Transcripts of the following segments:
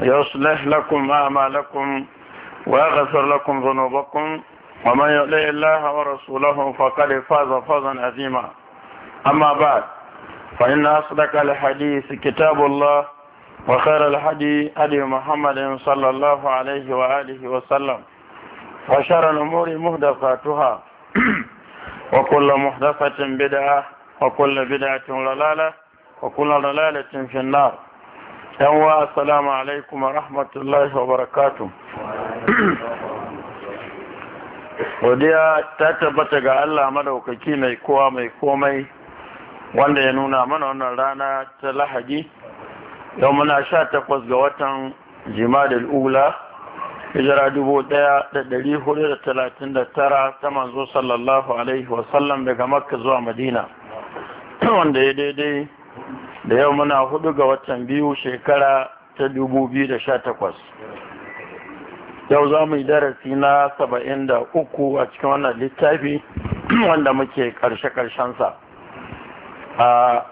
يصلح لكم أعمالكم ويغفر لكم ذنوبكم ومن يؤلئ الله ورسوله فقد فاز فوزا عظيما أما بعد فإن أصدق الحديث كتاب الله وخير الحدي هدي محمد صلى الله عليه وآله وسلم وشر الأمور مهدفاتها وكل محدثة بدعة وكل بدعة ضلالة وكل ضلالة في النار yanwa assalamu alaikum wa rahmatullahi wa barakatun godiya ta tabbata ga allah madaukaki mai kowa mai komai wanda ya nuna mana wannan rana ta lahadi yau muna sha takwas ga watan jimadil ula hijira dubu daya da dari hudu da talatin da tara ta manzo sallallahu alaihi wasallam daga makka zuwa madina wanda ya daidai da yau muna hudu ga watan biyu shekara ta 2018 yau za mu yi darasi na uku a cikin wannan littafi wanda muke karshe-karshensa a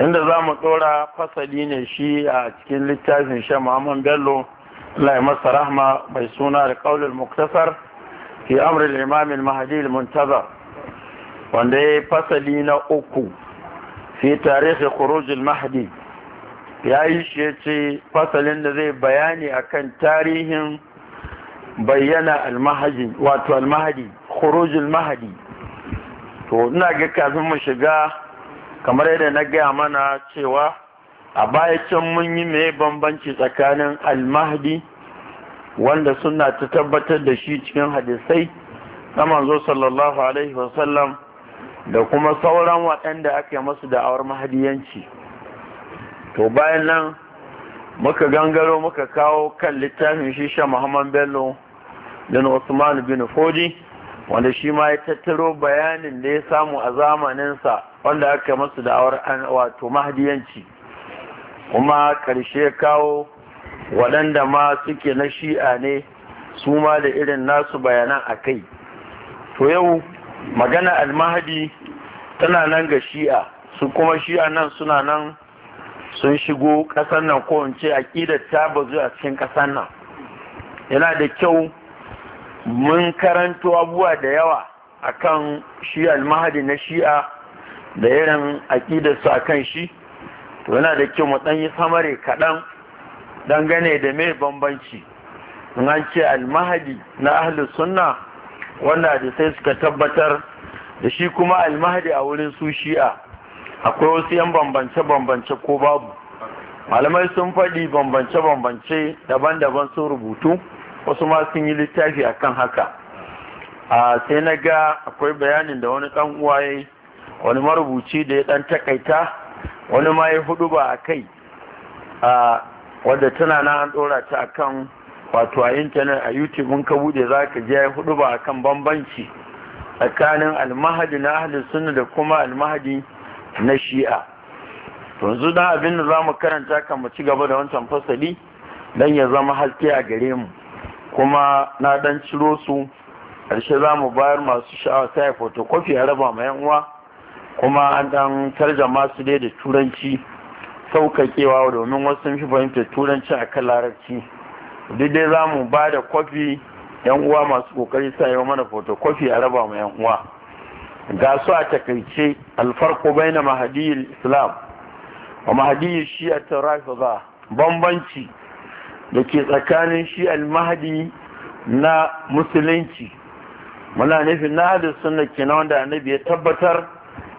inda za mu tsora fasali ne shi a cikin littafin shan muhammad bello lai masa rahma mai suna da ƙaunar muktasar fi amurin limamin mahadi muntazar wanda ya yi fasali na uku fi tarihi khurujul mahdi ya yi shi ya ce fasalin da zai bayani a kan tarihin bayyana almahadi wato almahadi khurujul mahadi to ina ga kafin mu shiga kamar yadda na gaya mana cewa a baya can mun yi mai bambanci tsakanin almahadi wanda suna ta tabbatar da shi cikin hadisai na manzo sallallahu alaihi wasallam da kuma sauran waɗanda aka masu da'awar mahadiyanci to bayan nan muka gangaro muka kawo kan littafin shisha muhammad bello bin usman bin fodi wanda shi ma ya tattaro bayanin da ya samu a zamaninsa wanda aka masu da'awar wato mahadiyanci kuma ƙarshe kawo waɗanda ma suke na shi'a ne su ma da irin nasu bayanan a kai to yau magana almahadi tana nan ga shi'a su kuma shi'a nan suna nan sun shigo ƙasar nan ko in ce aƙidar ta bazu a cikin ƙasar nan yana da kyau mun karanto abubuwa da yawa akan shi almahadi na shi'a da irin aƙidarsu su akan shi to yana da kyau mu ɗan yi samare kaɗan dangane da mai bambanci in an ce almahadi na ahlus sunna wannan hadisai suka tabbatar da shi kuma almahdi a wurin su shi'a akwai wasu yan bambance-bambance ko babu malamai sun faɗi bambance-bambance daban-daban sun rubutu wasu ma sun yi littafi akan haka a sai na ga akwai bayanin da wani ɗan uwaye wani marubuci da ya ɗan takaita wani ma ya hudu ba a kai wadda tana na an ɗora ta akan wato a intanet a youtube in ka bude za ka je hudu ba kan bambanci tsakanin almahadi na ahalin sunna da kuma almahadi na shi'a yanzu dan abin da za mu karanta kan mu ci gaba da wancan fasali dan ya zama haske a gare mu kuma na dan ciro su ƙarshe za mu bayar masu sha'awa sai fotokofi a raba ma yan uwa kuma an dan tarjama su dai da turanci saukakewa domin wasu sun fi fahimtar turanci a kan larabci daidai za mu ba da kwafi yan uwa masu kokari sa yi mana foto kofi a raba mu yan uwa ga su a takaice alfarko bai na mahadiyar islam wa mahadiyar shi'a ta ba. bambanci da ke tsakanin shi mahadi na musulunci muna nufin na da suna kina wanda annabi ya tabbatar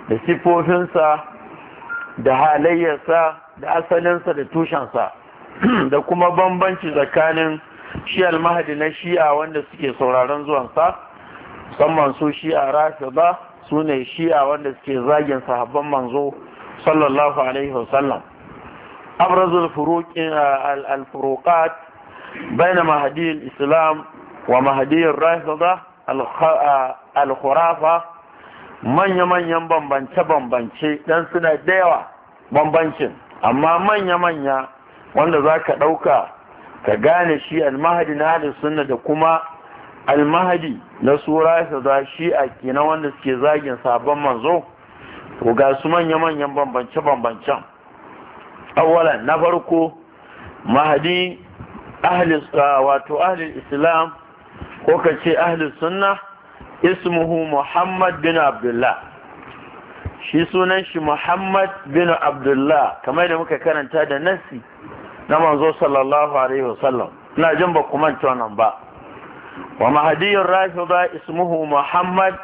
da sifofinsa da halayyarsa da asalinsa da tushensa da kuma bambanci tsakanin shi almahadi na shi'a wanda suke sauraron zuwansa musamman su shi'a rafida su ne shi'a wanda suke zagin sahabban manzo sallallahu alaihi wasallam abrazul furuqin eh, al-furuqat baina mahdi al-islam wa mahdi ar-rafida eh, al-khurafa manya-manyan bambance-bambance dan suna da yawa bambancin amma manya-manya wanda za ka ɗauka ka gane shi almahadi na halin sunna da kuma almahadi na tsura ya za shi a kina wanda suke zagin sabon manzo to ga su manya-manyan bambance-bambancen awalan na farko mahadi wato ahli islam ko ka ce sunna ismuhu muhammad bin abdullah shi sunan shi muhammad bin abdullah kamar da muka karanta da nasi na manzo sallallahu alaihi wasallam ina jin ba ku manta wannan ba wa mahdiyyun rafida ismuhu muhammad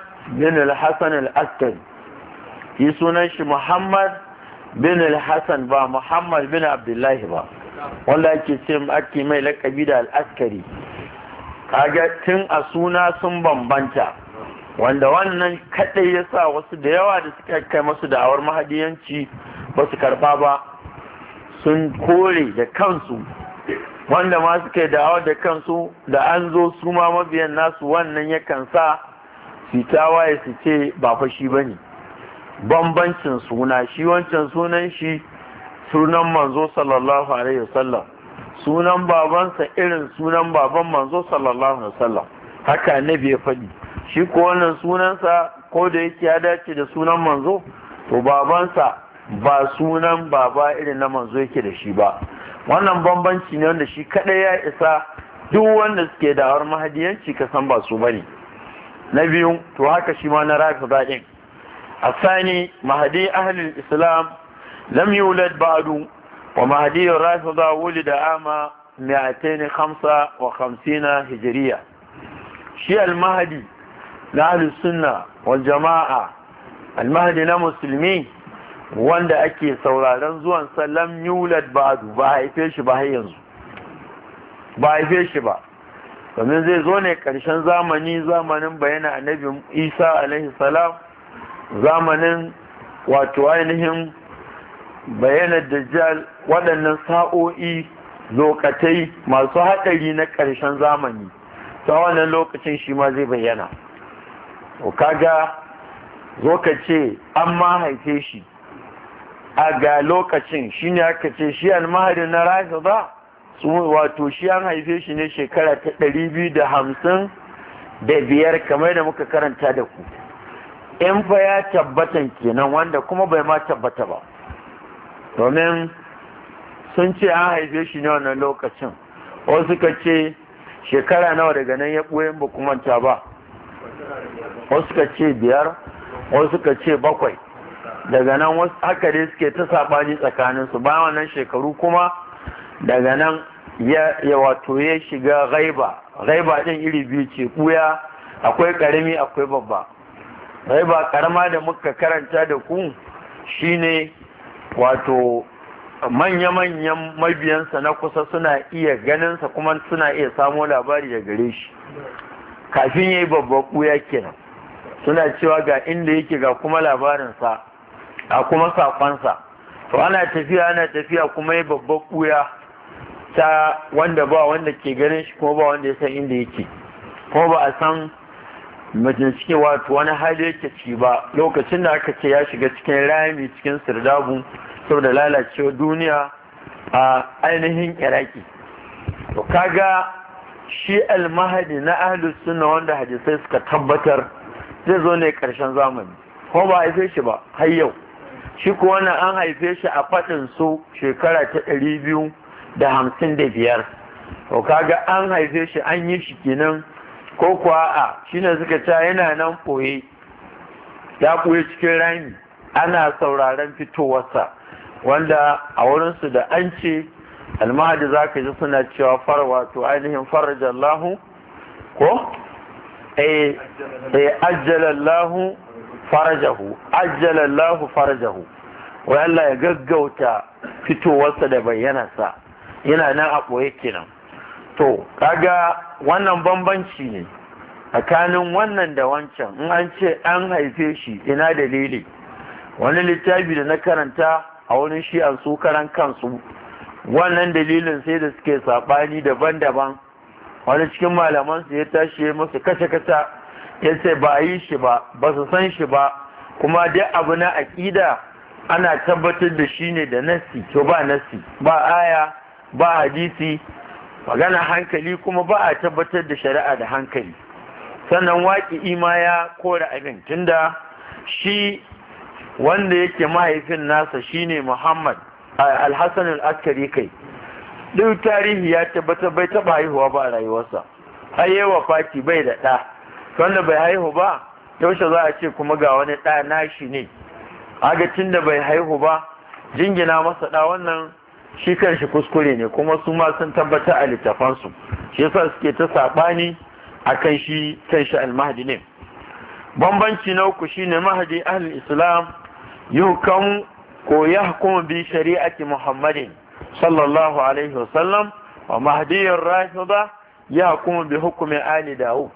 bin al-hasan al-askari yi sunan shi muhammad bin al-hasan ba muhammad bin abdullahi ba wanda ake ce ake mai lakabi da al-askari kaga tun a suna sun bambanta wanda wannan kadai yasa wasu da yawa da suka kai masu da'awar mahadiyanci ba su karba ba sun kore da kansu wanda ma suke dawo da kansu da an zo su ma mabiyan nasu wannan yakan sa su tawaye su ce ba fa shi ne?" bambancin suna shi wancan sunan shi sunan manzo sallallahu alaihi wasallam sunan babansa irin sunan baban manzo sallallahu alaihi wasallam haka annabi ya faɗi shi ko wannan sunansa ko da yake ya dace da sunan manzo to babansa ba sunan baba irin na manzo yake da shi ba wannan bambanci ne wanda shi kadai ya isa duk wanda suke da'awar mahadiyanci ka san ba su bane na biyu to haka shi ma na rafi zaɗin asani mahadi ahalin islam lam yulad ba'du wa mahadi wuli wulida ama 255 hijriya shi al mahadi na ahlus sunna wal jama'a al mahadi na musulmi wanda ake sauraron zuwan sallam yulad ba'du ba haife shi ba yanzu ba haife shi ba domin zai zo ne karshen zamani zamanin bayana annabi isa alaihi salam zamanin wato ainihin da dajjal waɗannan sa'o'i lokatai masu haɗari na karshen zamani ta wannan lokacin shi ma zai bayyana to kaga zo ka ce an ma haife shi a ga lokacin shi ne aka ce shi almahadin na rafi ba su wato shi an haife shi ne shekara ta ɗari biyu da hamsin da biyar kamar da muka karanta da ku in fa ya tabbatan kenan wanda kuma bai ma tabbata ba domin sun ce an haife shi ne wannan lokacin wasu suka ce shekara nawa daga nan ya ɓoye ba kuma ba wasu suka ce biyar wasu suka ce bakwai daga nan wasu haka dai suke ta saɓani tsakaninsu ba wannan shekaru kuma daga nan ya wato ya shiga gaiba gaiba ɗin iri biyu ce ɓuya akwai karami akwai babba gaiba ƙarama da muka karanta da ku shine wato manya-manyan mabiyansa na kusa suna iya ganinsa kuma suna iya samo labari da gare shi kafin ya yi babban ɓuya kenan suna cewa ga inda yake ga kuma labarinsa a kuma sakonsa to ana tafiya ana tafiya kuma yi babbar kuya ta wanda ba wanda ke ganin shi kuma ba wanda ya san inda yake kuma ba a san mutum wato wani hali yake ci ba lokacin da aka ce ya shiga cikin rami cikin sirdabu saboda lalacewa duniya a ainihin iraki to kaga shi almahadi na ahlus sunna wanda hadisai suka tabbatar zai zo ne karshen zamani ko ba a shi ba har yau shi ko na an haife shi a faɗin su shekara ta ɗari biyu da hamsin da biyar to kaga an haife shi an yi shi kenan ko kuwa a shine suka ta yana nan ɓoye ya ɓoye cikin rami ana sauraron fitowarsa wanda a wurinsu da an ce almahadi za ka ji suna cewa farwa to ainihin farajallahu ko eh, eh ajjalallahu farajahu ajjala Allahu farajahu Wa Allah ya gaggauta fitowarsa da bayyanarsa yana nan a ɓoye kenan to kaga wannan bambanci ne tsakanin wannan da wancan in an ce an haife shi ina dalili wani littafi da na karanta a wani shi an su karan kansu wannan dalilin sai da suke saɓani daban-daban wani cikin malaman su ya tashi masa musu kashe-kashe ya ce ba a yi shi ba ba su san shi ba kuma dai abu na aƙida ana tabbatar da shi ne da nasi to ba nasi ba aya ba hadisi magana hankali kuma ba a tabbatar da shari'a da hankali sannan waƙi Ima ya kora abin tunda shi wanda yake mahaifin nasa shine muhammad alhassan askari kai duk tarihi ya tabbatar bai taɓa haihuwa ba a rayuwarsa har yi fati bai da ɗa wanda bai haihu ba yaushe za a ce kuma ga wani ɗa nashi ne tun da bai haihu ba jingina masa ɗa wannan shi kanshi kuskure ne kuma su ma sun tabbata a littafansu shi yasa suke ta saɓani a kan shi kanshi almahadi ne bambanci na uku shine mahadi ahlul islam yuhkam ko yahkum bi shari'ati muhammadin sallallahu alaihi wasallam wa mahdiyar rafida yahkum bi hukumin ali daud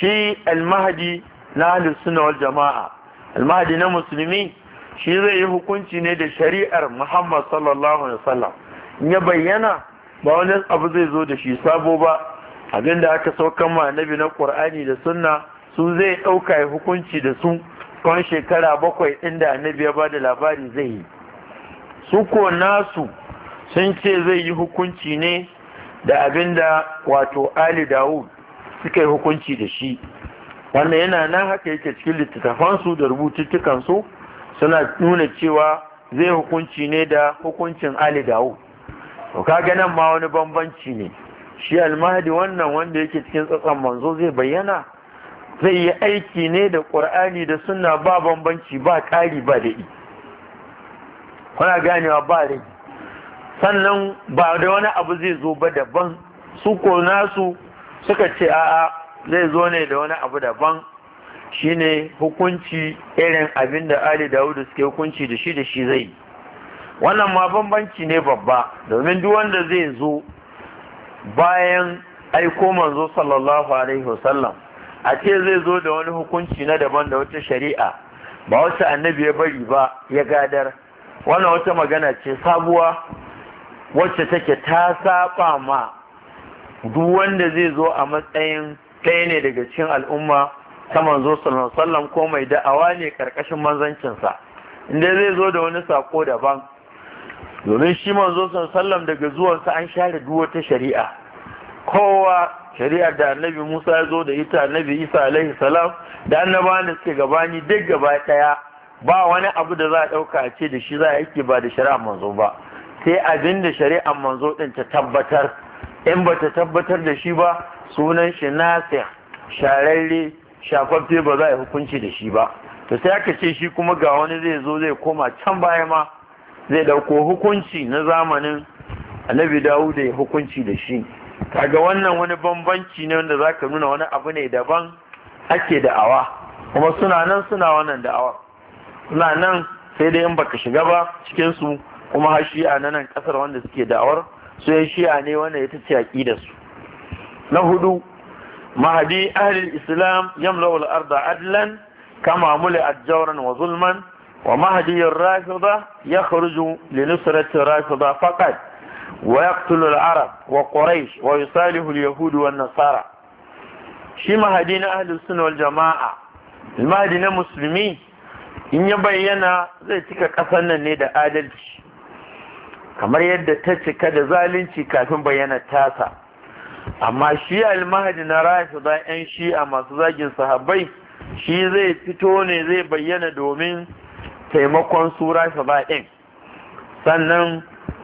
shi almahadi na halittuna wal jama'a almahadi na musulmi shi zai yi hukunci ne da shari'ar muhammad sallallahu alaihi wasallam in ya bayyana ba wani abu zai zo da shi sabo ba abinda aka saukan ma nabi na qur'ani da sunna su zai ɗauka ya hukunci da su kan shekara bakwai inda annabi ya ba da labari zai yi su ko nasu sun ce zai yi hukunci ne da abinda wato ali dawud suka yi hukunci da shi wannan yana nan haka yake cikin littattafansu da rubututtukansu suna nuna cewa zai hukunci ne da hukuncin ali dawo to kaga nan ma wani bambanci ne shi almahdi wannan wanda yake cikin tsatsan manzo zai bayyana zai yi aiki ne da ƙur'ani da sunna ba bambanci ba ƙari ba daɗi kuna ganewa ba rai sannan ba da wani abu zai zo ba daban su ko nasu suka ce a'a zai zo ne da wani abu daban shine hukunci irin abin da Ali Dawudu suke hukunci da shi da shi zai wannan ma bambanci ne babba domin duk wanda zai zo bayan aiko manzo sallallahu alaihi wasallam a ce zai zo da wani hukunci na daban da wata shari'a ba wata annabi ya bari ba ya gadar wannan wata magana ce sabuwa wacce take ta saba ma duk wanda zai zo a matsayin ɗaya ne daga cikin al'umma ta manzo sallallahu ko mai da'awa ne karkashin manzancinsa inda zai zo da wani sako daban domin shi manzo sallallahu daga sa an share duk wata shari'a kowa shari'a da annabi Musa ya zo da ita annabi Isa alaihi salam da annabawan da suke gabani duk gaba daya ba wani abu da za a ɗauka a ce da shi za a yake ba da shari'a manzo ba sai abin da shari'ar manzo din ta tabbatar in ba ta tabbatar da shi ba sunan shi nasir shararre shafaffe ba za a yi hukunci da shi ba to sai aka ce shi kuma ga wani zai zo zai koma can baya ma zai dauko hukunci na zamanin annabi da ya hukunci da shi kaga wannan wani bambanci ne wanda za ka nuna wani abu ne daban ake da'awa kuma suna nan suna wannan da'awa suna nan sai dai in baka shiga ba cikinsu kuma har shi a nan ƙasar wanda suke da'awar sai shi'a ne wanda ita ce aqidar su na hudu mahadi ahlul islam yamlau al-arda adlan kama mul'at jawran wa zulman wa mahdi ar-rafida yakhruju li nusrati ar-rafida faqat wa yaqtulu al-arab wa quraish wa yusalihu al-yahud wa nasara shi mahadi na ahli sunna wal jamaa al-mahdi na muslimi in ya bayyana zai cika kasan nan ne da adalci kamar yadda ta cika da zalunci kafin bayyana tasa amma shi almahadi na rafi da yan shi'a masu zagin sahabbai shi zai fito ne zai bayyana domin taimakon su rafi da sannan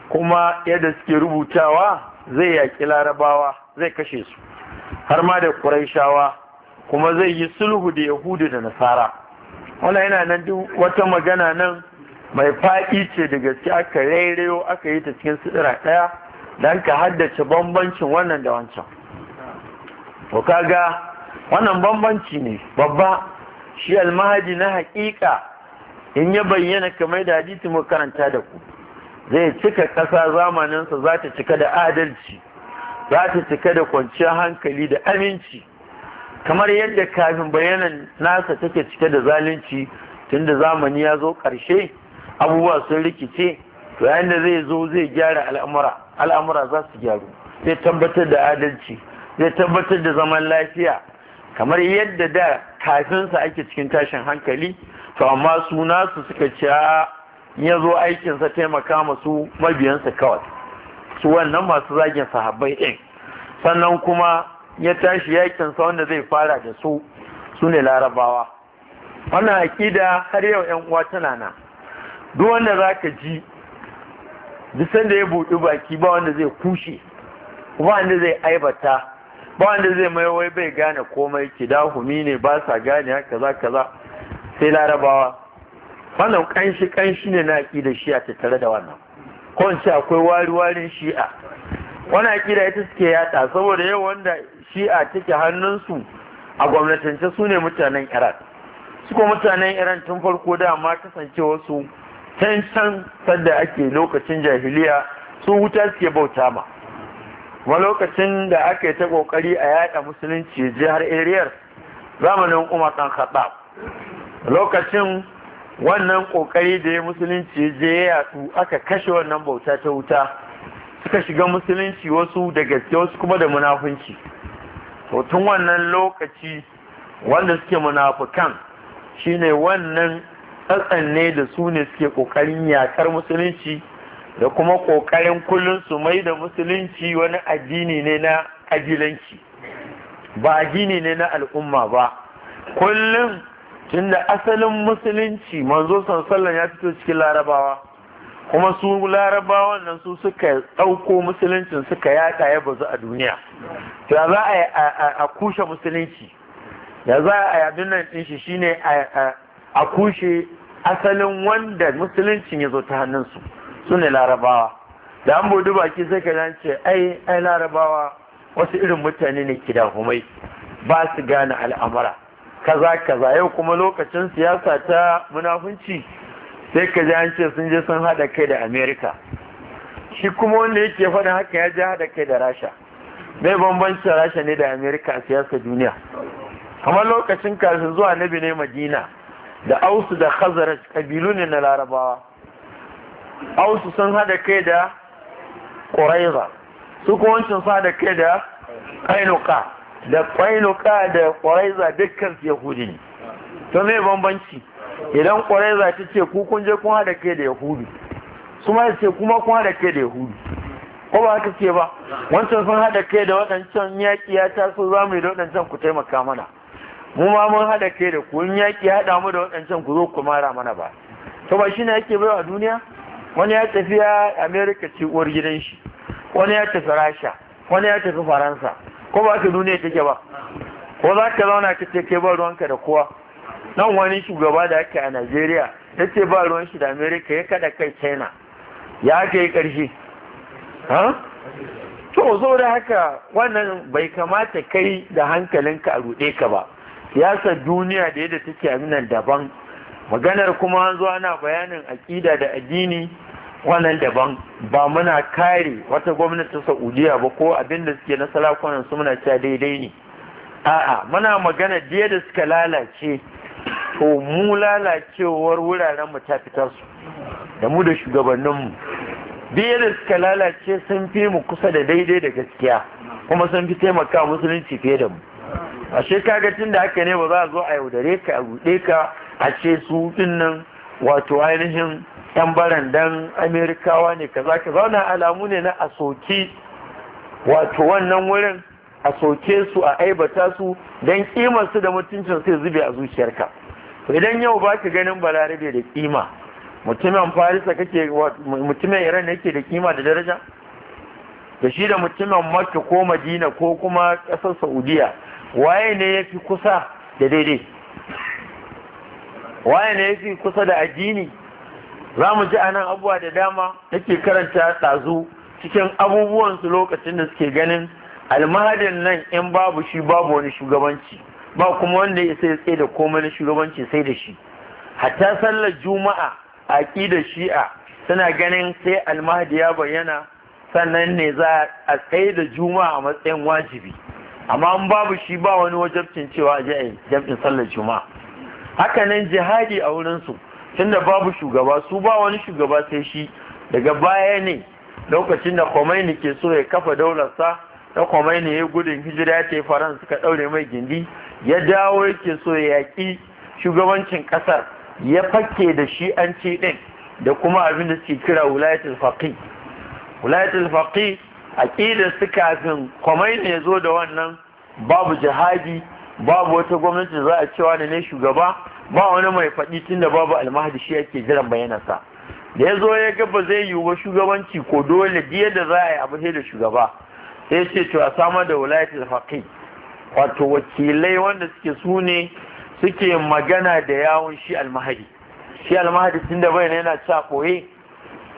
kuma yadda suke rubutawa zai yaƙi larabawa zai kashe su har ma da ƙuraishawa kuma zai yi sulhu da yahudu da nasara wannan yana nan duk wata magana nan mai faɗi ce da gaske aka rairayo aka yi ta cikin sidira ɗaya don ka haddace bambancin wannan da wancan to kaga wannan bambanci ne babba shi almahadi na haƙiƙa in ya bayyana kamar da hadithi mu karanta da ku zai cika ƙasa zamaninsa za ta cika da adalci za ta cika da kwanciyar hankali da aminci kamar yadda kafin bayanan nasa take cike da zalunci tunda zamani ya zo ƙarshe abubuwa sun rikice to yayin da zai zo zai gyara al'amura al'amura za su gyaru zai tabbatar da adalci zai tabbatar da zaman lafiya kamar yadda da kafin kafinsa ake cikin tashin hankali to amma su nasu suka ce ya zo aikin aikinsa taimaka masu mabiyansa kawai su wannan masu zagin sahabbai ɗin sannan kuma ya tashi yakinsa wanda zai fara da su su ne larabawa wannan aƙida har yau 'yan uwa tana nan duk wanda za ka ji jisan da ya buɗi baki ba wanda zai kushe ba wanda zai aibata ba wanda zai mai wai bai gane komai kidahumi ne ba sa gane kaza kaza sai larabawa wannan kanshi kanshi ne na da shi'a ta tare da wannan ko shi akwai wari warin shi'a wannan da ita suke yaɗa, saboda yau wanda shi'a take hannunsu a gwamnatance su ne mutanen iran ko mutanen iran tun farko dama kasancewa su sai san sadda ake lokacin jahiliya su wuta suke bauta ma kuma lokacin da aka yi ta kokari a yada musulunci jihar ariyar zamanin umar dan khattab lokacin wannan kokari da ya musulunci je ya yatsu aka kashe wannan bauta ta wuta suka shiga musulunci wasu da gaske wasu kuma da munafunci to tun wannan lokaci wanda suke munafukan shine wannan tsatsan da su ne suke ƙoƙarin yakar musulunci da kuma ƙoƙarin kullum su mai da musulunci wani addini ne na ƙabilanci ba addini ne na al'umma ba kullum tun da asalin musulunci manzo sansallan ya fito cikin larabawa kuma su larabawan nan su suka ɗauko musuluncin suka yaɗa ya bazu a duniya ya za a kushe musulunci ya za a yadin nan ɗin shi shine a kushe asalin wanda musuluncin ya zo ta hannunsu su ne larabawa da an budu baki sai ka ce ai ai larabawa wasu irin mutane ne humai ba su gane al'amara kaza kaza yau kuma lokacin siyasa ta munafunci sai ka ji an ce sun je sun hada kai da america shi kuma wanda yake faɗin haka ya ji hada kai da rasha mai bambancin rasha ne da america a siyasa duniya kamar lokacin kafin zuwa nabi ne madina da ausu da khazaraj kabilu ne na larabawa ausu sun hada kai da ƙuraiza su wancan sun hada kai da kainuka da kainuka da ƙuraiza dukkan su yahudi ne to me bambanci idan ƙuraiza ta ce ku kun je kun hada kai da yahudi su ma ce kuma kun hada kai da yahudi ko ba haka ce ba wancan sun hada kai da waɗancan yaƙi ya taso za mu yi da waɗancan ku taimaka mana mu ma mun haɗa kai da ku. kun yaƙi haɗa mu da waɗancan ku zo ku mara mana ba to ba shi ne yake bai a duniya wani ya tafi ya amerika ce uwar gidan shi wani ya tafi rasha wani ya tafi faransa ko ba ka duniya take ba ko za ka zauna ka ce kai ba ruwanka da kowa nan wani shugaba da ake a najeriya ya ce ba ruwan shi da amerika ya kada kai china ya kai ƙarshe to zo da haka wannan bai kamata kai da hankalinka a ruɗe ka ba siyasar duniya da yadda take nan daban maganar kuma an zo ana bayanin aƙida da addini wannan daban ba muna kare wata gwamnati saudiya ba ko abin da suke na salakunan su muna cewa daidai ne a'a muna magana da da suka lalace to mu lalacewar wuraren mu ta fitar su da mu da shugabanninmu mu da suka lalace sun fi mu kusa da daidai da gaskiya kuma sun fi taimaka musulunci fiye da mu ashe kaga tun da haka ne ba za a zo a yaudare ka a buɗe ka a ce su ɗin nan wato ainihin yan barandan amerikawa ne kaza ka zauna alamu ne na a wato wannan wurin a su a aibata su don kimar su da mutuncin sai zube a zuciyarka idan yau ba ka ganin balarabe da kima mutumin farisa kake mutumin iran yake da kima da daraja da shi da mutumin makka ko madina ko kuma ƙasar saudiya waye ne ya fi kusa da daidai waye ne ya fi kusa da addini za mu ji anan abuwa da dama nake karanta ɗazu cikin abubuwansu lokacin da suke ganin almahadin nan in babu shi babu wani shugabanci ba kuma wanda ya sai tsaye da komai na shugabanci sai da shi hatta sallar juma'a a da shi'a suna ganin sai almahadi ya bayyana sannan ne za a tsaye da juma'a a matsayin wajibi amma an babu shi ba wani wajabcin cewa a je jam'in sallar juma'a haka nan jihadi a wurinsu, tun tunda babu shugaba su ba wani shugaba sai shi daga baya ne lokacin da Khomeini ke so ya kafa daularsa na Khomeini ya gudun hijira ya tafi Faransa suka daure mai gindi ya dawo yake so ya yaki shugabancin kasar ya fakke da shi an ce din da kuma abin da suke kira wilayatul faqih wilayatul faqih aƙidar su kafin kwamai ne zo da wannan babu jihadi babu wata gwamnati za a cewa ne shugaba ba wani mai faɗi tun da babu almahadi shi yake jiran bayanansa da ya zo ya gaba zai yiwu ba shugabanci ko dole biye da za a yi abu da shugaba sai ce to a samar da wulayat faqih wato wakilai wanda suke su ne suke magana da yawon shi almahadi shi almahadi tunda bayan yana cewa koye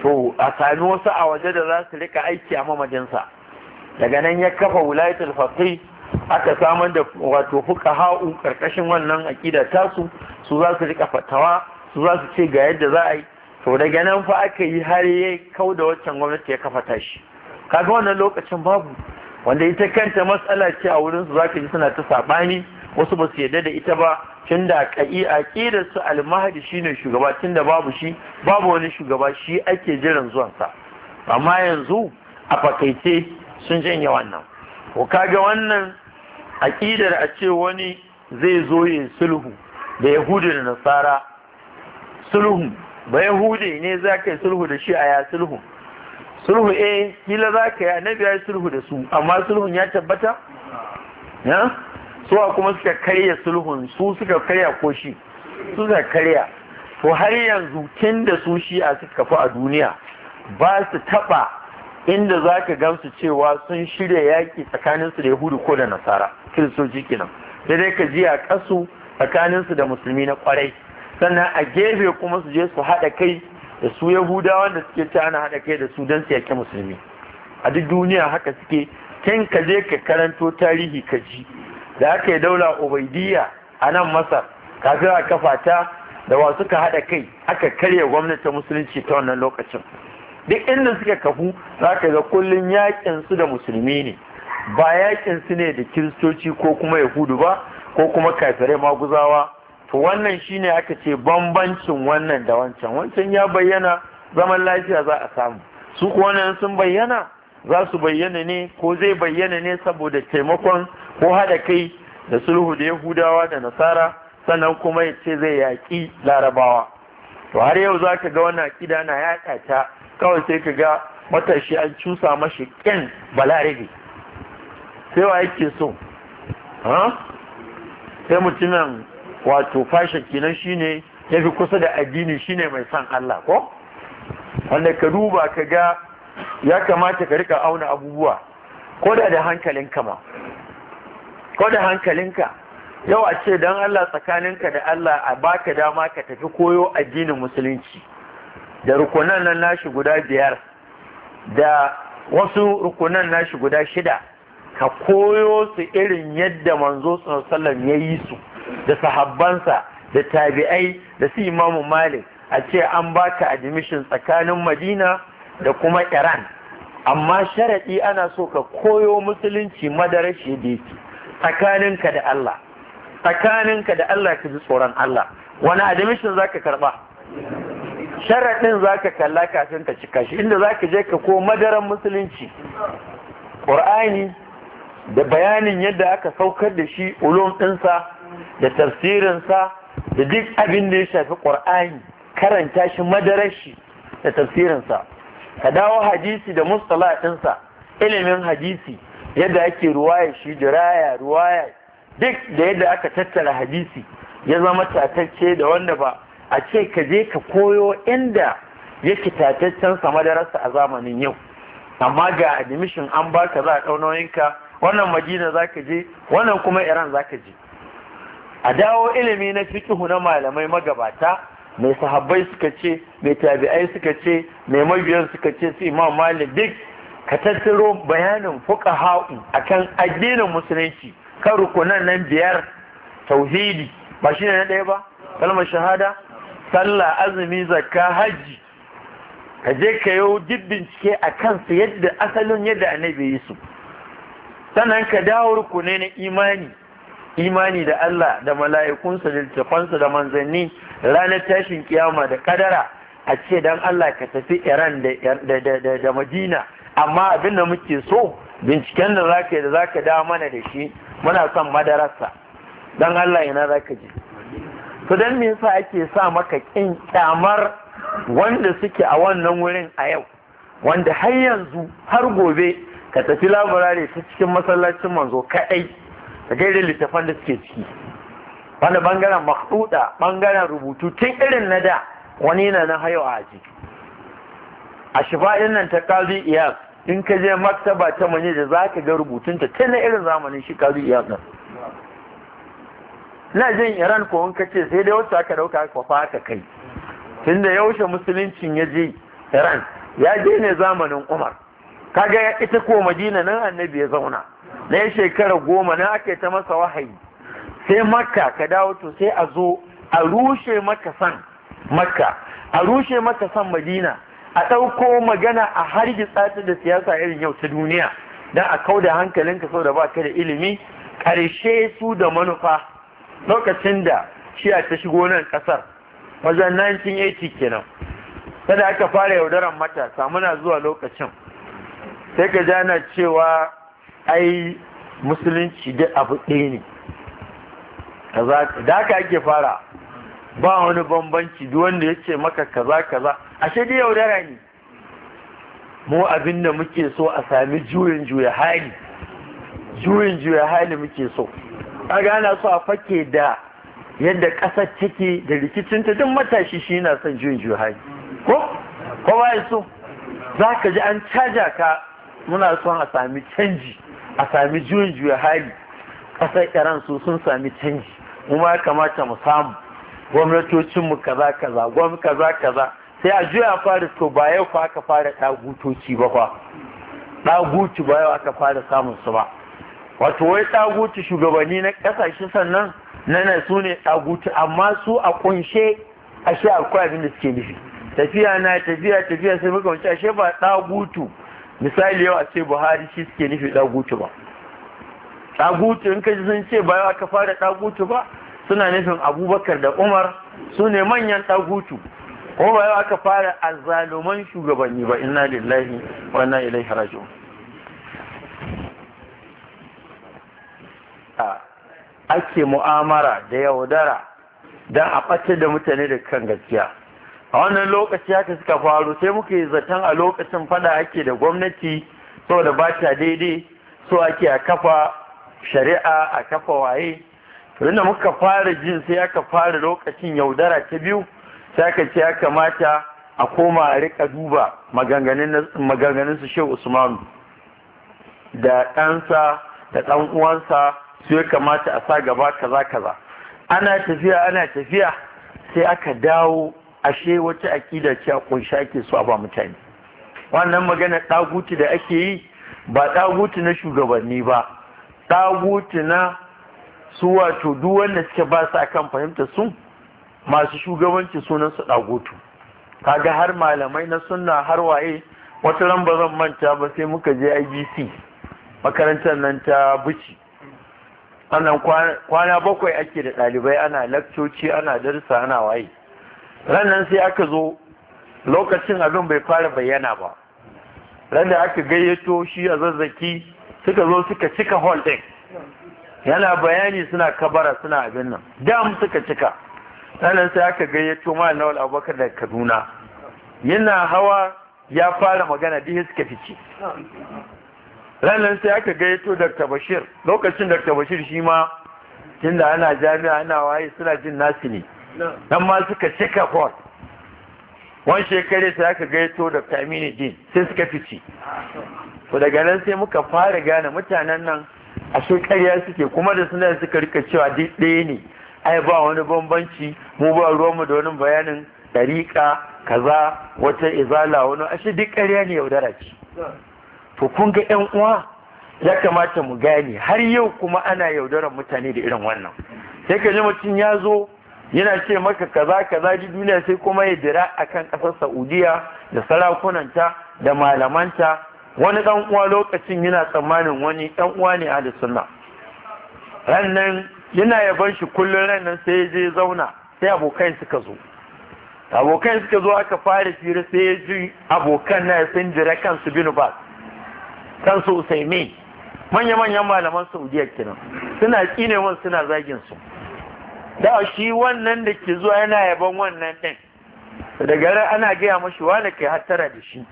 to a sami wasu a waje da za su rika aiki a mamajinsa daga nan ya kafa wulayatul faqih aka samar da wato fuka ha'u karkashin wannan akida tasu su za su rika fatawa su za su ce ga yadda za a yi to daga nan fa aka yi har ya kau da waccan gwamnati ya kafa tashi kaga wannan lokacin babu wanda ita kanta matsala ce a wurin su ka ji suna ta saɓani, wasu ba su yarda da ita ba tun da su almahadi ne shugaba tun da babu shi babu wani shugaba shi ake jiran zuwansa amma yanzu a fakaice sun janye wannan ko kaga wannan aƙidar a ce wani zai zo ya sulhu da yahudi da nasara sulhu ba yahudi ne za sulhu da shi a ya sulhu sulhu eh kila za ka annabi ya yi sulhu da su amma sulhun ya tabbata ya suwa kuma suka karya sulhun su suka karya ko shi suka karya to har yanzu tun da su shi a suka kafa a duniya ba su taba inda za ka gamsu cewa sun shirya yaƙi tsakaninsu da yahudu ko da nasara kiristoci kenan sai dai ka ji a tsakanin tsakaninsu da musulmi na kwarai sannan a gefe kuma su je su haɗa kai da su yahudawa wanda suke ta ana haɗa kai da su don su yaƙi musulmi a duk duniya haka suke kin ka je ka karanto tarihi ka ji da aka yi daula obaidiyya a nan masar kafin a kafa ta da wa suka haɗa kai aka karya gwamnatin musulunci ta wannan lokacin duk inda suka kafu za ka ga kullum yakin su da musulmi ne ba yakin su ne da kiristoci ko kuma yahudu ba ko kuma kafirai maguzawa to wannan shine aka ce bambancin wannan da wancan wancan ya bayyana zaman lafiya za a samu su kuwa sun bayyana za su bayyana ne ko zai bayyana ne saboda taimakon ko haɗa kai da sulhu da yahudawa da nasara sannan kuma ya ce zai yaƙi larabawa to har yau za ka ga wannan akida na yaƙa ta kawai sai ka ga matashi an cusa mashi ƙin balarabe sai wa yake so sai mutumin wato fashe kenan shine ya fi kusa da addini shine mai san Allah ko wanda ka duba ka ga ya kamata ka rika auna abubuwa ko da da hankalin kama ko da hankalinka yau a ce don Allah tsakaninka da Allah a baka dama ka tafi koyo addinin musulunci da rukunan nan nashi guda biyar da wasu rukunan nashi guda shida ka koyo su irin yadda manzo sallam ya yi su da sahabbansa da tabi'ai da su imamu malik a ce an baka admission tsakanin madina da kuma iran amma sharaɗi ana so ka koyo musulunci madarashi da yake tsakaninka da Allah tsakaninka da Allah ka ji tsoron Allah wani admission zaka karba sharaɗin zaka kalla kafin ka cika shi inda za ka je ka ko madaran musulunci Qur'ani da bayanin yadda aka saukar da shi ulum ɗinsa da tafsirinsa da duk abin da ya shafi Qur'ani karanta shi madarar shi da tafsirinsa ka dawo hadisi da mustala ɗinsa ilimin hadisi yadda ake ruwaya shi diraya ruwaya duk da yadda aka tattara hadisi ya zama tatacce da wanda ba a ce ka je ka koyo inda yake tataccen sa madarasa a zamanin yau amma ga admission an baka za a ɗaunoyinka wannan madina za ka je wannan kuma iran za ka je a dawo ilimi na fikihu na malamai magabata mai sahabbai suka ce mai tabi'ai suka ce mai mabiyan suka ce su imam malik duk ka tattaro bayanin fuka ha'u akan addinin musulunci kan rukunan nan biyar tauhidi ba shi ne na ɗaya ba kalmar shahada sallah azumi zakka hajji ka je ka yi duk bincike a kansu yadda asalin yadda annabi yi su sannan ka dawo rukunai na imani imani da Allah da mala'ikunsa da littafansa da manzanni ranar tashin kiyama da kadara a ce dan Allah ka tafi Iran da Madina amma abin da muke so binciken da ka yi da za ka dawo mana da shi muna son madarasa Don Allah za ka ji to don me yasa ake sa maka kin kyamar wanda suke a wannan wurin a yau wanda har yanzu har gobe ka tafi labarare ta cikin masallacin manzo kaɗai, ka gaida littafan da suke ciki wanda bangaren makhduda ɓangaren rubutu tun irin na da wani yana na hayo a jiki. a shifa nan ta kazi iya in ka je maktaba ta manye da za ka ga rubutunta ta na irin zamanin shi kazi iya ɗan na jin iran ko ka ce sai da wacce aka ɗauka kwafa fata kai Tun da yaushe musuluncin ya je iran ya je ne zamanin umar kaga ita ko madina nan annabi ya zauna na ya shekara goma na aka ta masa wahayi sai makka ka dawo to sai a zo a rushe maka san makka a rushe maka san madina a ɗauko magana a hargitsa ta da siyasa irin yau ta duniya don a kau da hankalinka sau da ka da ilimi ƙarshe su da manufa lokacin da shiya ta shigo nan ƙasar wajen 1980 kenan kada aka fara yaudaran matasa muna zuwa lokacin sai ka jana cewa ai musulunci duk abu ɗaya ne da haka ake fara ba wani bambanci duk wanda ya ce maka kaza kaza ashe dai yaudara ne mu abin da muke so a sami juyin juya hali juyin juya hali muke so a gana so a fake da yadda ƙasar take da rikicinta duk matashi shi na son juyin juya hali ko ko ba so za ka ji an caja ka muna son a sami canji a sami juyin juya hali ƙasar iran su sun sami canji kuma ya kamata mu samu gwamnatocinmu kaza kaza gwam kaza kaza sai a juya fara to ba yau fa aka fara ɗagutoci ba fa ɗaguci ba yau aka fara samun su ba wato wai ɗaguci shugabanni na ƙasashe sannan nana su ne ɗaguci amma su a ƙunshe ashe akwai abin da suke nufi tafiya na tafiya tafiya sai muka wuce ashe ba ɗagutu misali yau a ce buhari shi suke nufi ɗagutu ba ɗagutu in ka ji sun ce ba yau aka fara ɗagutu ba suna nufin abubakar da umar su ne manyan ɗagutu ko ba yau aka fara azzaluman shugabanni ba inna lillahi wa inna ilaihi raji'un ake mu'amara da yaudara don a ɓace da mutane da kan gaskiya a wannan lokaci haka suka faru sai muka yi zaton a lokacin fada ake da gwamnati saboda ba ta daidai so ake a kafa shari'a a kafa waye Rina muka fara jin sai aka fara lokacin yaudara ta biyu sai aka ce ya kamata a koma a rika duba maganganun su shehu usmanu da ɗansa da ɗan uwansa su ya kamata a sa gaba kaza kaza ana tafiya ana tafiya sai aka dawo ashe wata aƙida ce a ƙunshi ake so a ba mutane wannan magana ɗaguti da ake yi ba ɗaguti na shugabanni ba ɗaguti na su wato duk wanda suke ba su akan fahimta su masu shugabanci sunan su dagoto kaga har malamai na sunna har waye wata ran zan manta ba sai muka je IBC makarantar nan ta buci sannan kwana bakwai ake da ɗalibai ana lakcoci ana darsa ana waye nan sai aka zo lokacin abin bai fara bayyana ba ran aka gayyato shi a zazzaki suka zo suka cika hall din yana bayani suna kabara suna abin nan dam suka cika sannan sai aka gayyato malam nawal abubakar da kaduna yana hawa ya fara magana ya suka fice ranar sai aka gayyato dr bashir lokacin dr bashir shi ma tunda ana jami'a ana waye suna jin nasu ne nan ma suka cika kwar wani shekare sai aka gaito Dr. Aminu din sai suka fice to daga nan sai muka fara gane mutanen nan ashe karya suke kuma da suna suka rika cewa duk ɗaya ne ai ba wani bambanci mu ba mu da wani bayanin ɗariƙa kaza wata izala wani ashe duk ƙarya ne yaudara ce to kun ga ƴan uwa ya kamata mu gane har yau kuma ana yaudarar mutane da irin wannan sai ka ji mutum ya zo yana ce maka kaza kaza ji duniya sai kuma ya dira kan ƙasar saudiya da sarakunanta da malamanta wani ɗan uwa lokacin yana tsammanin wani dan uwa ne a sunna rannan yana yaban shi kullum rannan sai ya je zauna sai abokai suka zo abokai suka zo aka fara fira sai ya ji abokan na sun jira kansu binu ba kansu usaimi manya-manyan malaman saudiya kenan suna kine wani suna zagin su da shi wannan da ke zuwa yana yaban wannan ɗin daga ana gaya mashi wane kai hattara da shi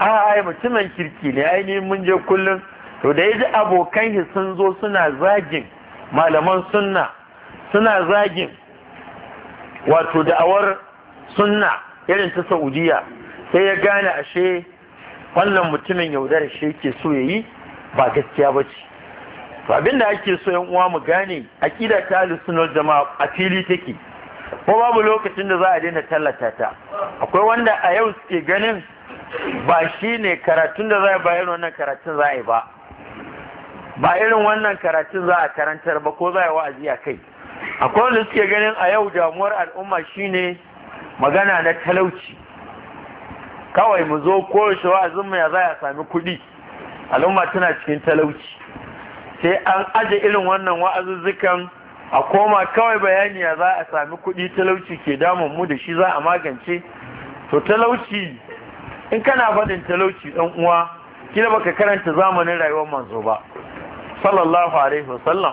a ai mutumin kirki ne ai mun je kullum to da yaji abokan shi sun zo suna zagin malaman sunna suna zagin wato da'awar sunna irin ta saudiya sai ya gane ashe wannan mutumin yaudar shi yake so ya yi ba gaskiya ba ce abin da ake so yan uwa mu gane aƙida ta alisunar jama'a a fili take ko babu lokacin da za a daina tallata ta akwai wanda a yau suke ganin ba shi ne karatun da za a bayan wannan karatun za a yi ba ba irin wannan karatun za a karantar ba ko za a yi wa'azi a kai akwai wanda suke ganin a yau damuwar al'umma shine magana na talauci kawai mu zo shi wa'azin mu ya za a sami kuɗi al'umma tana cikin talauci sai an aje irin wannan wa'azuzzukan a koma kawai bayani ya za a sami kuɗi talauci ke damun mu da shi za a magance to talauci in kana faɗin talauci ɗan uwa kila baka karanta zamanin rayuwar manzo ba sallallahu alaihi wasallam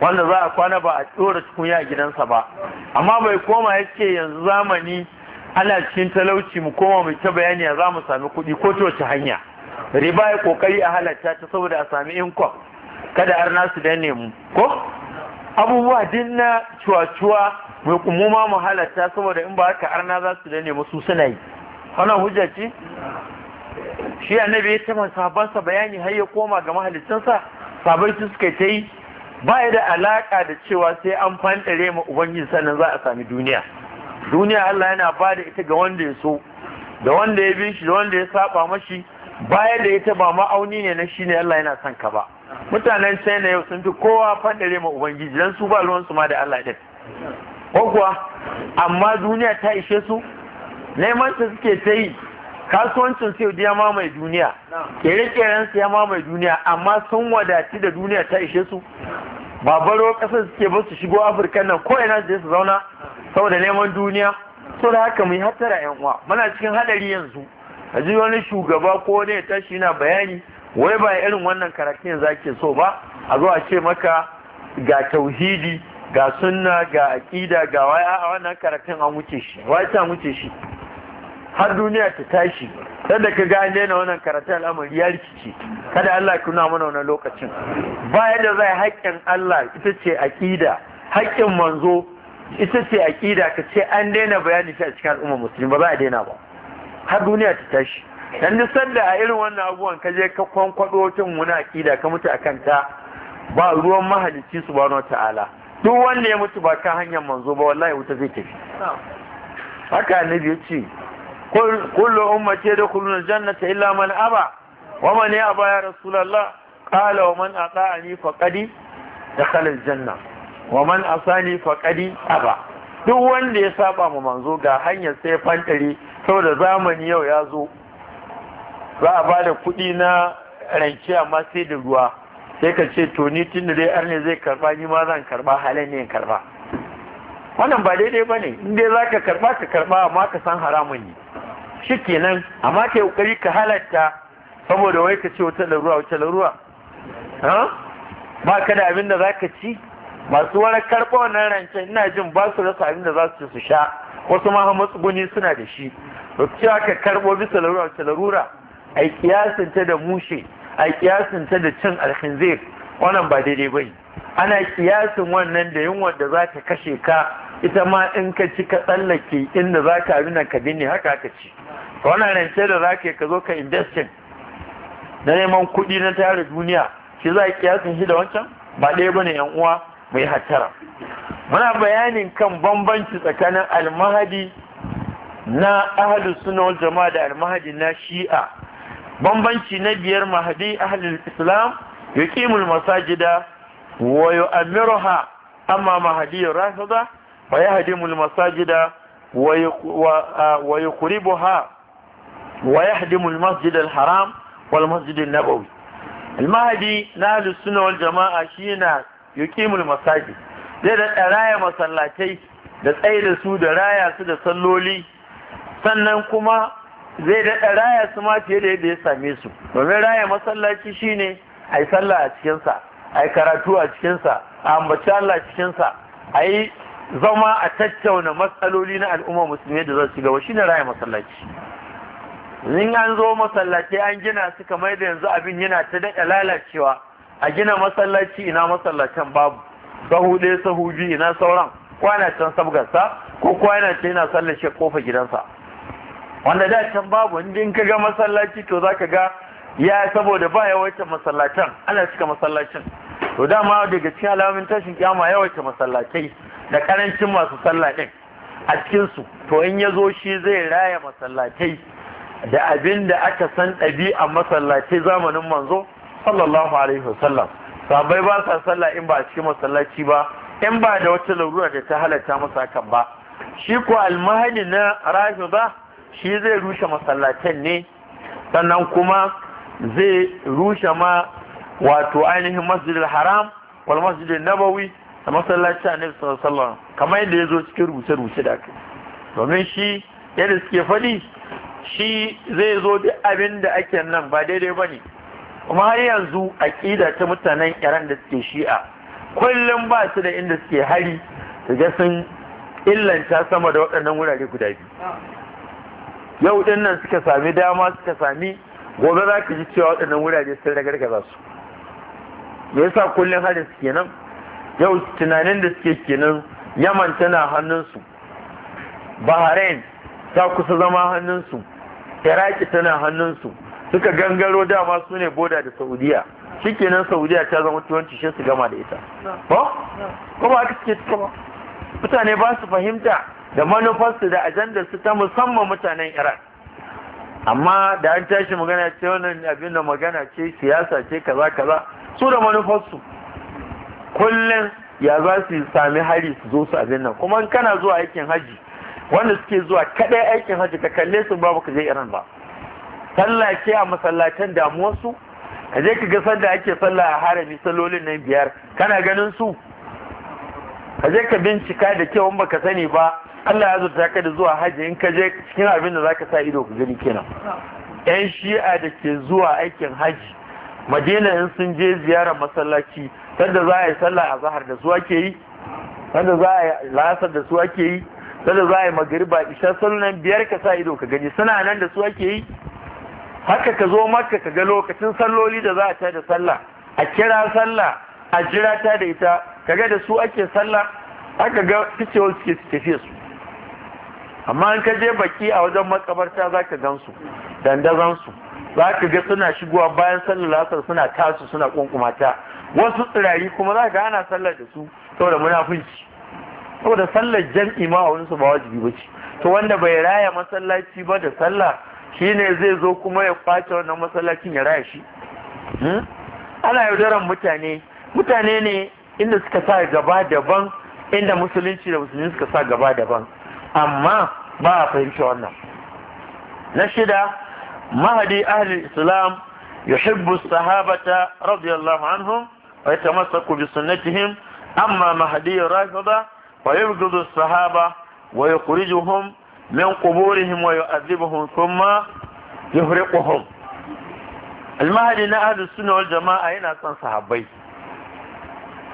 wanda za a kwana ba a tsora tukunya a gidansa ba amma bai koma yake yanzu zamani ana cikin talauci mu koma mu ta bayani za mu sami kuɗi ko ta wace hanya riba ya kokari a halarta ta saboda a sami inkom kada arna su danne mu ko abubuwa din na cuwa-cuwa mai kumuma mu halarta saboda in ba haka arna za su danne mu su suna yi wannan hujja ce shi annabi ya taɓa sabansa bayani har ya koma ga mahalicinsa sabai suka ta yi ba da alaƙa da cewa sai an fantare ma ubangiji sannan za a sami duniya duniya Allah yana ba da ita ga wanda ya so da wanda ya bi shi da wanda ya saba mashi baya da ita ba ma'auni ne na shi ne Allah yana son ka ba mutanen China yau sun fi kowa fantare ma ubangiji don su ba ruwansu ma da Allah ɗin. ko amma duniya ta ishe su neman suke ta yi kasuwancin su ya mamaye duniya kere-keren su ya mamaye duniya amma sun wadati da duniya ta ishe su babbaro kasar suke ba su shigo afirka nan ko ina su su zauna saboda neman duniya so da haka mu yi yan uwa muna cikin hadari yanzu a ji wani shugaba ko wani ya tashi yana bayani wai ba irin wannan karatun zake so ba a zo a ce maka ga tauhidi ga sunna ga aƙida ga wai a wannan karatun an wuce shi wai ta wuce shi har duniya ta tashi sanda ka gane na wannan karatun al'amari ya rikici kada Allah ya kuna mana wannan lokacin baya da zai haƙƙin Allah ita ce aƙida haƙƙin manzo ita ce aƙida ka ce an daina bayani shi a cikin al'ummar musulmi ba za a daina ba har duniya ta tashi dan duk sanda a irin wannan abubuwan ka je ka kwankwado tun muna aƙida ka mutu kan ta ba ruwan mahalicci subhanahu ta'ala duk wanda ya mutu ba ka hanyar manzo ba wallahi wuta zai tafi haka annabi ya ce كل أمتي يدخلون الجنة إلا من أبى ومن a يا رسول الله قال ومن أطاعني فقد دخل الجنة ومن أصاني فقد Aba. duk wanda ya saba mu manzo ga hanyar sai fantare saboda zamani yau ya zo za a ba da kuɗi na rance amma sai da ruwa sai ka ce to ni tun da dai arne zai karba ni ma zan karba halin ne karba wannan ba daidai ba ne in dai za ka karba ka karba amma ka san haramun ne nan amma kai ƙoƙari ka halatta saboda wai ka ce wata larura wata larura ba ka da abin da za ka ci masu wani karɓa wannan rancen ina jin ba su rasa abin da za su ci su sha wasu ma matsuguni suna da shi da cewa ka karɓo bisa larura wata larura a kiyasin ta da mushe a kiyasin ta da cin alhinzir wannan ba daidai ba ana kiyasin wannan da yunwa da za ta kashe ka ita ma in ka ci ka tsallake inda za ka abin ka binne haka ka ci wannan rance da zaka ka zo ka investing na neman kuɗi na tare duniya shi za a kiyasin shi da wancan ba ɗaya ba ne uwa mai hattara muna bayanin kan bambanci tsakanin almahadi na ahalus suna jama'a da almahadi na shi'a bambanci na biyar mahadi ahalul islam yuqimul masajida wa ha, amma mahadi rafida wa yahdimul masajida wa yuqribuha ويهدم المسجد الحرام na النبوي المهدي نال السنة والجماعة شينا يقيم المساجد zai da raya masallatai da tsaye da su da raya su da salloli sannan kuma zai daɗa raya su ma fiye da yadda ya same su domin raya masallaci shine a yi sallah a cikinsa a yi karatu a cikinsa a ambaci Allah cikinsa a yi zama a tattauna matsaloli na al'umma musulmi da za su gaba shine raya masallaci in an zo masallaci an gina su kamar da yanzu abin yana ta daɗa lalacewa a gina masallaci ina masallacin babu sahu ɗaya sahu biyu ina sauran kwana can sabgarsa ko kwana ce yana sallashe kofa gidansa wanda da can babu in ka ga masallaci to za ka ga ya saboda ba ya wace masallacin ana cika masallacin to dama daga cikin alamomin tashin kyama wace masallacai da karancin masu sallah din a cikin to in ya zo shi zai raya masallacai da abin da aka san ɗabi'a masallaci zamanin manzo sallallahu alaihi wasallam sabai ba sa sallah in ba a cikin masallaci ba in ba da wata larura da ta halatta masa hakan ba shi ko almahadi na ba, shi zai rushe masallacin ne sannan kuma zai rushe ma wato ainihin masjidil haram wal masjidil nabawi da masallaci a nabi sallallahu kamar yadda ya zo cikin rubuce-rubuce da aka domin shi yadda suke faɗi shi zai zo duk abin da ake nan ba daidai ba ne kuma har yanzu aƙida ta mutanen iran da suke shi'a kullum ba su da inda suke hari su ga sun illanta sama da waɗannan wurare guda biyu yau ɗin nan suka sami dama suka sami gobe za ka ji cewa waɗannan wurare sun ragargaza su me yasa kullum hari su nan? yau tunanin da suke kenan yaman tana hannunsu bahrain ta kusa zama hannunsu iraki tana hannunsu suka gangaro dama su ne boda da saudiya shikenan saudiya ta zama tuwanci shi su gama da ita ba kuma aka suke cika ba mutane ba su fahimta da manufarsu da ajandar su ta musamman mutanen iran amma da an tashi magana ce wannan abin da magana ce siyasa ce kaza kaza su da manufarsu kullum ya za su sami hari su zo su abin nan kuma kana zuwa aikin haji wanda suke zuwa kaɗai aikin hajji ka kalle su babu ka je iran ba sallah ke a masallatan su ka je ka ga sanda ake sallah a harami salolin nan biyar kana ganin su ka je ka bincika da kyau in baka sani ba Allah ya zurta ka da zuwa hajji in ka je cikin abin da ka sa ido ku gani kenan yan shi'a da ke zuwa aikin hajji madina in sun je ziyarar masallaci sanda za a yi sallah a zahar da su ake yi sanda za a yi lasar da su ake yi sada za a yi magariba isha sallan biyar ka sa ido ka gani suna nan da su ake yi haka ka zo maka ka ga lokacin salloli da za a ta da sallah a kira sallah a jira ta da ita ka ga da su ake sallah haka ga ficewa suke su tafiye su amma an ka je baki a wajen makabarta za ka gan su dandazan su za ka ga suna shigowa bayan sallar lasar suna tasu suna kunkumata wasu tsirari kuma za ka gana sallar da su saboda munafunci saboda sallar jam'i ma wani su ba wajibi ba ce to wanda bai raya masallaci ba da sallah ne zai zo kuma ya kwace wannan masallacin ya raya shi hmm? ana yaudaran mutane mutane ne inda suka sa gaba daban inda musulunci da musulmi suka sa gaba daban amma ba a fahimci wannan na shida mahadi ahli islam yuhibbu sahabata radiyallahu anhum wa yatamassaku bi sunnatihim amma mahadi rafida فيبغض الصحابة ويخرجهم من قبورهم ويؤذبهم ثم يفرقهم المهدي نأهل السنة والجماعة هنا كان صحابي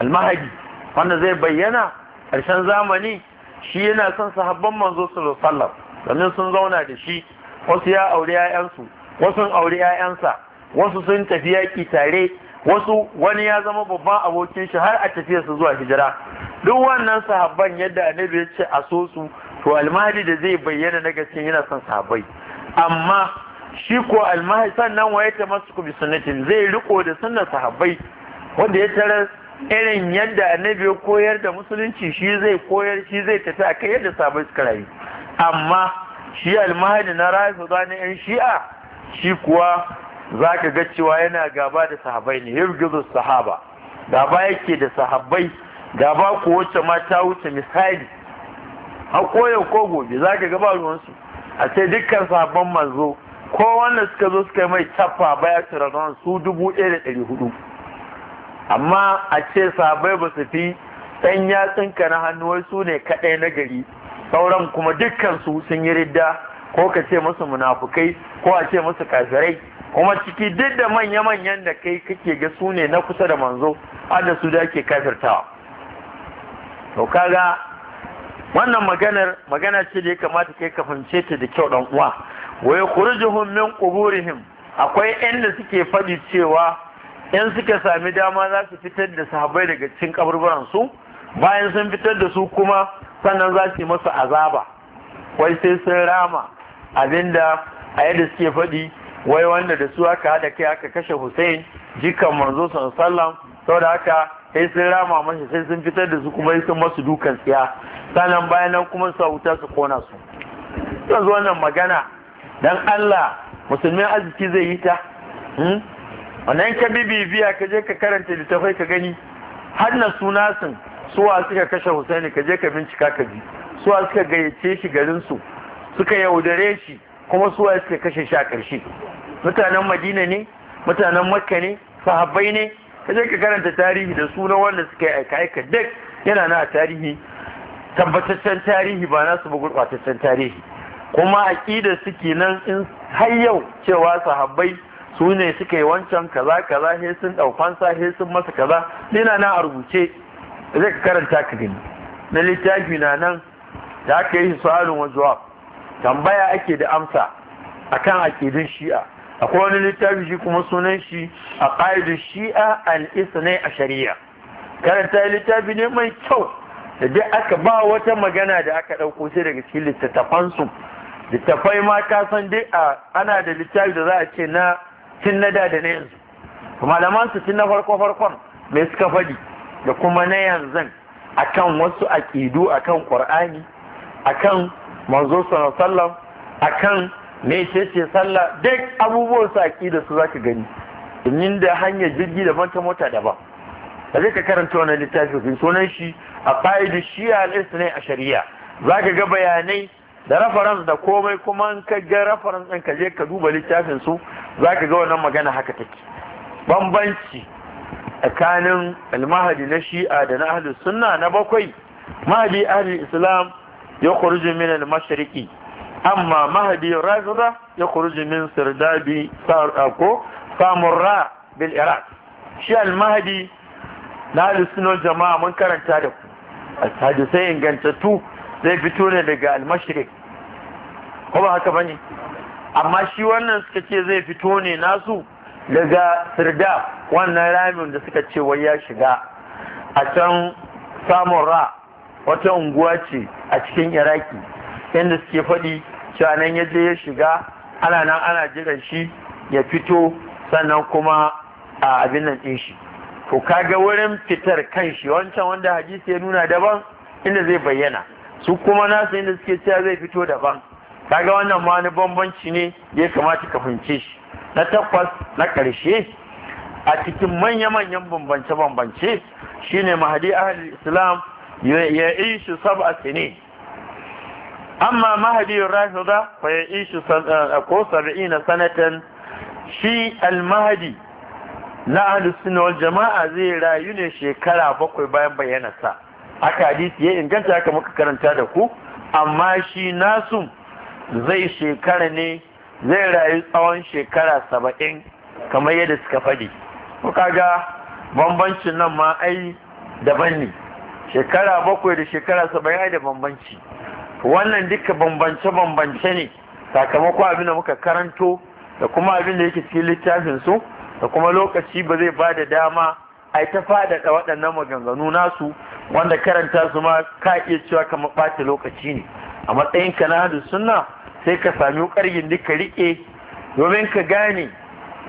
المهدي وانا زي بينا عشان زامني shi yana son sahabban manzo sallallahu alaihi wasallam sun zauna da shi wasu ya auri 'ya'yansu wasu aure 'ya'yansa wasu sun tafi yaƙi tare wasu wani ya zama babban abokin shi har a tafiyar su zuwa hijira duk wannan sahabban yadda annabi ya ce a so su to almahdi da zai bayyana na gaske yana son sahabbai amma shi ko almahdi sannan waye ta masu bi zai riko da sunnar sahabbai wanda ya tarar irin yadda annabi ya koyar da musulunci shi zai koyar shi zai tafi a kai yadda sahabbai suka rayu amma shi almahadi na rayu su zane yan shi'a shi kuwa za ka ga cewa yana gaba da sahabai ne yirgizu sahaba gaba yake da sahabai, gaba ko wacce ma ta wuce misali a koyar ko gobe za ka gaba ruwansu a sai dukkan sahabban manzo ko wanda suka zo suka mai tafa baya ranar su dubu ɗaya da ɗari hudu amma a ce sahabai ba su fi ɗan yatsunka na hannuwar su ne kaɗai na gari sauran kuma dukkan su sun yi ridda ko ka ce musu munafukai ko a ce musu kafirai kuma ciki duk da manya-manyan da kai kake ga su ne na kusa da manzo har su da ke kafirtawa to kaga wannan maganar magana ce da ya kamata kai ka fahimce ta da kyau dan uwa wa khurujuhum min quburihim akwai inda suke faɗi cewa in suka sami dama za su fitar da sahabbai daga cikin kaburburan su bayan sun fitar da su kuma sannan za su yi masa azaba wai sai sun rama abinda a yadda suke faɗi wai wanda da su aka hada kai aka kashe Hussein jikan manzo sallam saboda haka sai sun rama mashi sai sun fitar da su kuma sun masu dukan tsiya sannan bayan nan kuma su wuta su kona su yanzu wannan magana dan Allah musulmin arziki zai yi ta hmm? wannan ka bibiya ka je ka karanta littafai ka gani har na suna sun suwa suka kashe Husaini ka je ka bincika ka ji suwa suka gayyace shi garin su suka yaudare shi kuma su suwa suke kashe shi a ƙarshe mutanen madina ne mutanen makka ne sahabbai ne ka je ka karanta tarihi da suna wanda suka yi aika aika duk yana na tarihi tabbataccen tarihi ba na ba bugurɓataccen tarihi kuma aƙida suke nan in har yau cewa sahabbai su ne suka yi wancan kaza kaza he sun ɗaukansa he sun masa kaza dina na a rubuce ka karanta ka gani na littafi na nan da aka yi su halin jawab tambaya ake da amsa akan aqidin shi'a akwai wani littafi shi kuma sunan shi a ƙa'idu shi'a al-isnai a shari'a karanta littafi ne mai kyau da dai aka ba wata magana da aka ɗauko sai daga cikin littattafansu littattafai ma ka san dai a ana da littafi da za a ce na tun na da da na yanzu malaman su tun na farko farkon mai suka faɗi da kuma na yanzu akan wasu aƙidu akan ƙur'ani akan manzo sallam akan me ce ce sallah duk abubuwan su da su zaka gani domin da hanyar jirgi daban ta mota daban da zai ka karanta wannan littafin sunan shi a fa'idu shi'a al isna a shari'a zaka ga bayanai da reference da komai kuma in ka ga reference ɗin ka je ka duba littafin su zaka ga wannan magana haka take bambanci tsakanin almahadi na shi'a da na ahlus sunna na bakwai mahadi ahlul islam ya kurji min al-mashriqi amma mahdi rafida ya kurji min sirdabi ko samurra bil iraq shi al-mahdi na al jama'a mun karanta da ku inganta ingantattu zai fito ne daga al-mashriq ko ba haka bane amma shi wannan suka ce zai fito ne nasu daga sirda wannan ramin da suka ce wai ya shiga a can samun ra wata unguwa ce a cikin iraki inda suke faɗi canan nan ya je ya shiga ana nan ana jiran shi ya fito sannan kuma a abin nan ɗin shi to kaga wurin fitar kan shi wancan wanda hadisi ya nuna daban inda zai bayyana su kuma nasu inda suke cewa zai fito daban kaga wannan ma wani bambanci ne ya kamata ka fahimce shi na takwas na karshe a cikin manya-manyan bambance-bambance shine mahadi ahal islam ya ishi a sini amma mahadi rafida fa ya ishi eh, ko na sanatan shi al na ahlus jama'a zai rayu ne shekara bakwai bayan bayyana sa aka hadisi ya inganta aka muka karanta da ku amma shi nasu zai shekara ne zai rayu tsawon shekara saba'in kamar yadda suka faɗi. ka ga bambancin nan ma ai daban ne shekara bakwai da shekara saba ya da bambanci wannan duka bambance-bambance ne sakamakon abin da muka karanto da kuma abin da yake cikin littafin su da kuma lokaci ba zai ba da dama a ta faɗaɗa waɗannan maganganu nasu wanda karanta su ma ka iya cewa kamar ɓata lokaci ne a matsayin ka na hadu suna, sai ka sami ƙargin duka riƙe domin ka gane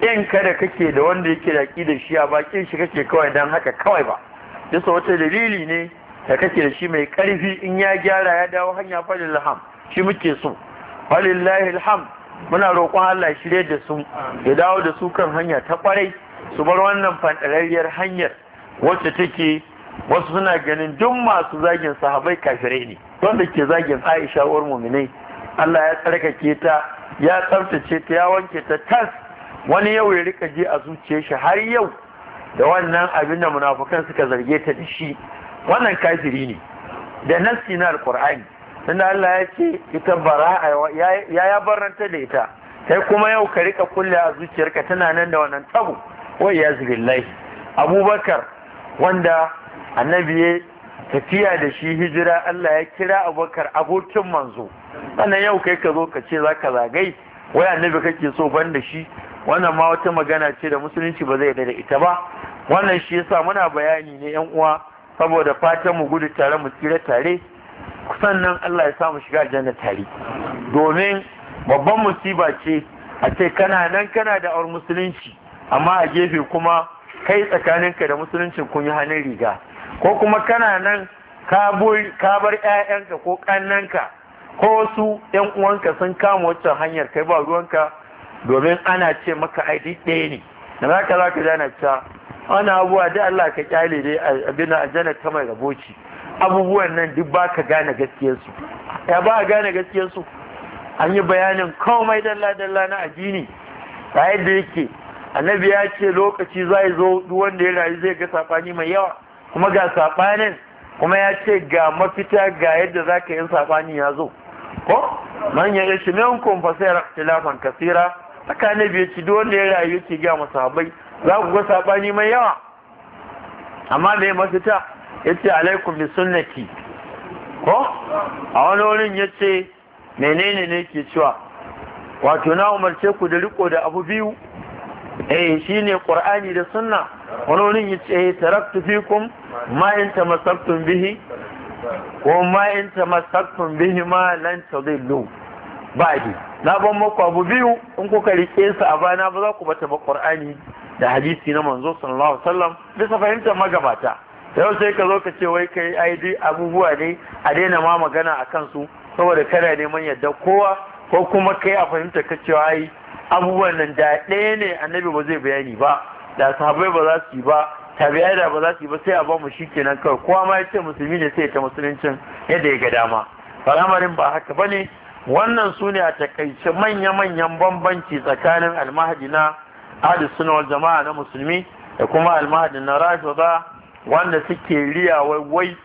in kada kake da wanda yake da da shi a bakin shi kake kawai don haka kawai ba dinsa wata dalili ne da kake da shi mai karfi in ya gyara ya dawo hanya fadin shi muke so falillahi alham muna roƙon Allah shirye da su ya dawo da su kan hanya ta kwarai su bar wannan fantarariyar hanyar wacce take wasu suna ganin duk masu zagin sahabai kafirai ne wanda ke zagin Aisha uwar muminai Allah ya tsarkake ta ya tsaftace ta ya wanke ta tas wani yau ya rika je a zuciyar shi har yau da wannan abin da munafukan suka zarge ta da shi wannan kafiri ne da nassi na alkur'ani tunda Allah ya ce ita bara'a ya ya barranta da ita sai kuma yau ka rika kulle a zuciyarka tana nan da wannan tabu. wai ya zibillahi abubakar wanda annabi ya tafiya da shi hijira Allah ya kira abubakar abokin manzo sannan yau kai ka zo ka ce zaka ka zagai wai annabi kake so ban da shi wannan ma wata magana ce da musulunci ba zai da ita ba wannan shi yasa muna bayani ne yan uwa saboda fatan mu gudu tare mu tsira tare sannan Allah ya sa mu shiga aljanna tare domin babban musiba ce a ce kana nan kana da awar musulunci amma a gefe kuma kai tsakaninka da musuluncin kun yi hannun riga ko kuma kana nan ka bar 'ya'yanka ko ƙannanka ko wasu 'yan uwanka sun kama waccan hanyar kai ba ruwanka domin ana ce maka ai ɗaya ne da za ka za ka jana ta Ana abubuwa da Allah ka kyale dai abin ta mai raboci abubuwan nan duk ba ka gane gaskiyarsu ya ba a gane gaskiyarsu an yi bayanin komai dalla-dalla na addini ta yadda yake annabi ya ce lokaci za zo duk wanda ya rayu zai ga safani mai yawa kuma ga safanin kuma ya ce ga mafita ga yadda za ka yi safani ya zo ko manyan ya shi kun fasayar tilafan kasira Tsakanin annabi ya duk wanda ya rayu ke gama sabai za ku ga saɓani mai yawa amma da ya mafita ya ce alaikum bi sunaki. ko a wani wurin ya ce menene ne ke cewa wato na umarce ku da riko da abu biyu eh ne ƙur'ani da sunna wani wurin ya ce eh, taraktu fikum ma in tamassaktum bihi ko ma in bihi ma lan tadillu ji na ban maku abu biyu in kuka rike su a bana ba za ku bata ba ƙor'ani da hadisi na manzo sallallahu alaihi wasallam bisa fahimtar magabata yau sai ka zo ka ce wai kai ai dai abubuwa ne a daina ma magana akan su saboda kada neman yadda kowa ko kuma kai a fahimtar ka cewa ai abubuwan nan da ɗaya ne annabi ba zai bayani ba da sahabbai ba za su yi ba tabi'ai da ba za su yi ba sai a ba mu shikenan kawai kowa ma ya ce musulmi ne sai ta musuluncin yadda ya ga dama al'amarin ba haka bane wannan su ne a takaice manya-manyan bambanci tsakanin almahadi na ahli sunna wal jama'a na musulmi da kuma almahadin na rafida wanda suke riya wai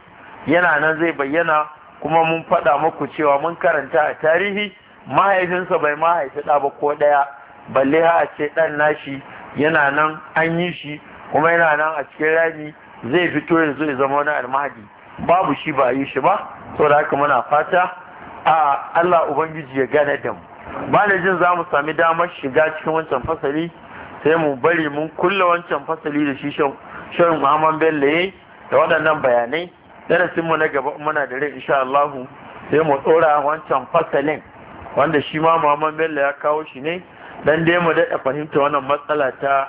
yana nan zai bayyana kuma mun faɗa muku cewa mun karanta a tarihi mahaifinsa bai mahaifi ɗa ba ko ɗaya balle ha a ce ɗan nashi yana nan an yi shi kuma yana nan a cikin rami zai fito yanzu ya zama wani almahadi babu shi ba yi shi ba da haka muna fata a Allah Ubangiji ya gane da mu ba da jin za mu sami damar shiga cikin wancan fasali sai mu bari mun kulle wancan fasali da shi shan Muhammad Bello da waɗannan bayanai darasin mu na gaba muna da rai insha Allah sai mu tsora wancan fasalin wanda shi ma Muhammad Bello ya kawo shi ne dan dai mu daɗa fahimta wannan matsala ta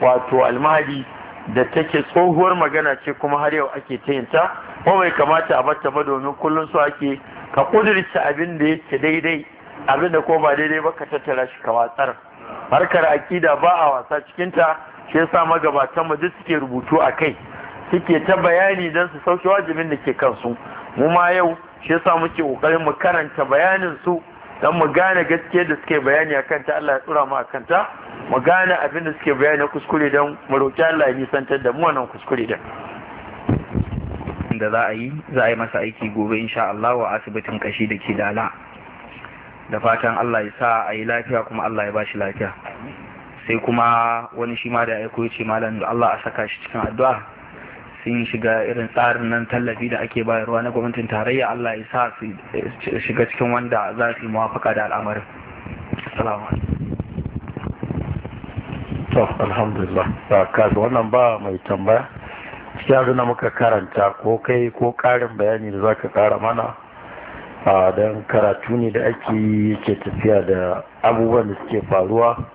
wato almahadi da take tsohuwar magana ce kuma har yau ake ta yin ta ko mai kamata a bata ba domin kullum su ake ka kudurci abin da yake daidai abin da ko ba daidai ba ka tattara shi ka watsar harkar akida ba a wasa cikinta shi yasa magabatan mu duk suke rubutu a kai suke ta bayani don su sauke wajibin da ke kansu mu ma yau shi yasa muke kokarin mu karanta bayanin su don mu gane gaskiya da suke bayani a kanta Allah ya tsura mu a kanta mu gane abin da suke bayani kuskure don mu roƙi Allah ya nisantar da mu wannan kuskure da da za a yi za a yi masa aiki gobe insha Allah wa asibitin kashi da ke dala da fatan Allah ya sa a yi lafiya kuma Allah ya ba shi lafiya sai kuma wani shi ma da ya koyi ce malam da Allah a saka shi cikin addu'a sun shiga irin tsarin nan tallafi da ake bayarwa na gwamnatin tarayya Allah ya sa su shiga cikin wanda za su yi muwafaka da al'amarin assalamu to alhamdulillah ba ka wannan ba mai tambaya yanzu na muka karanta ko kai ko karin bayani da zaka kara mana a don karatu ne da ake ke tafiya da abubuwan da suke faruwa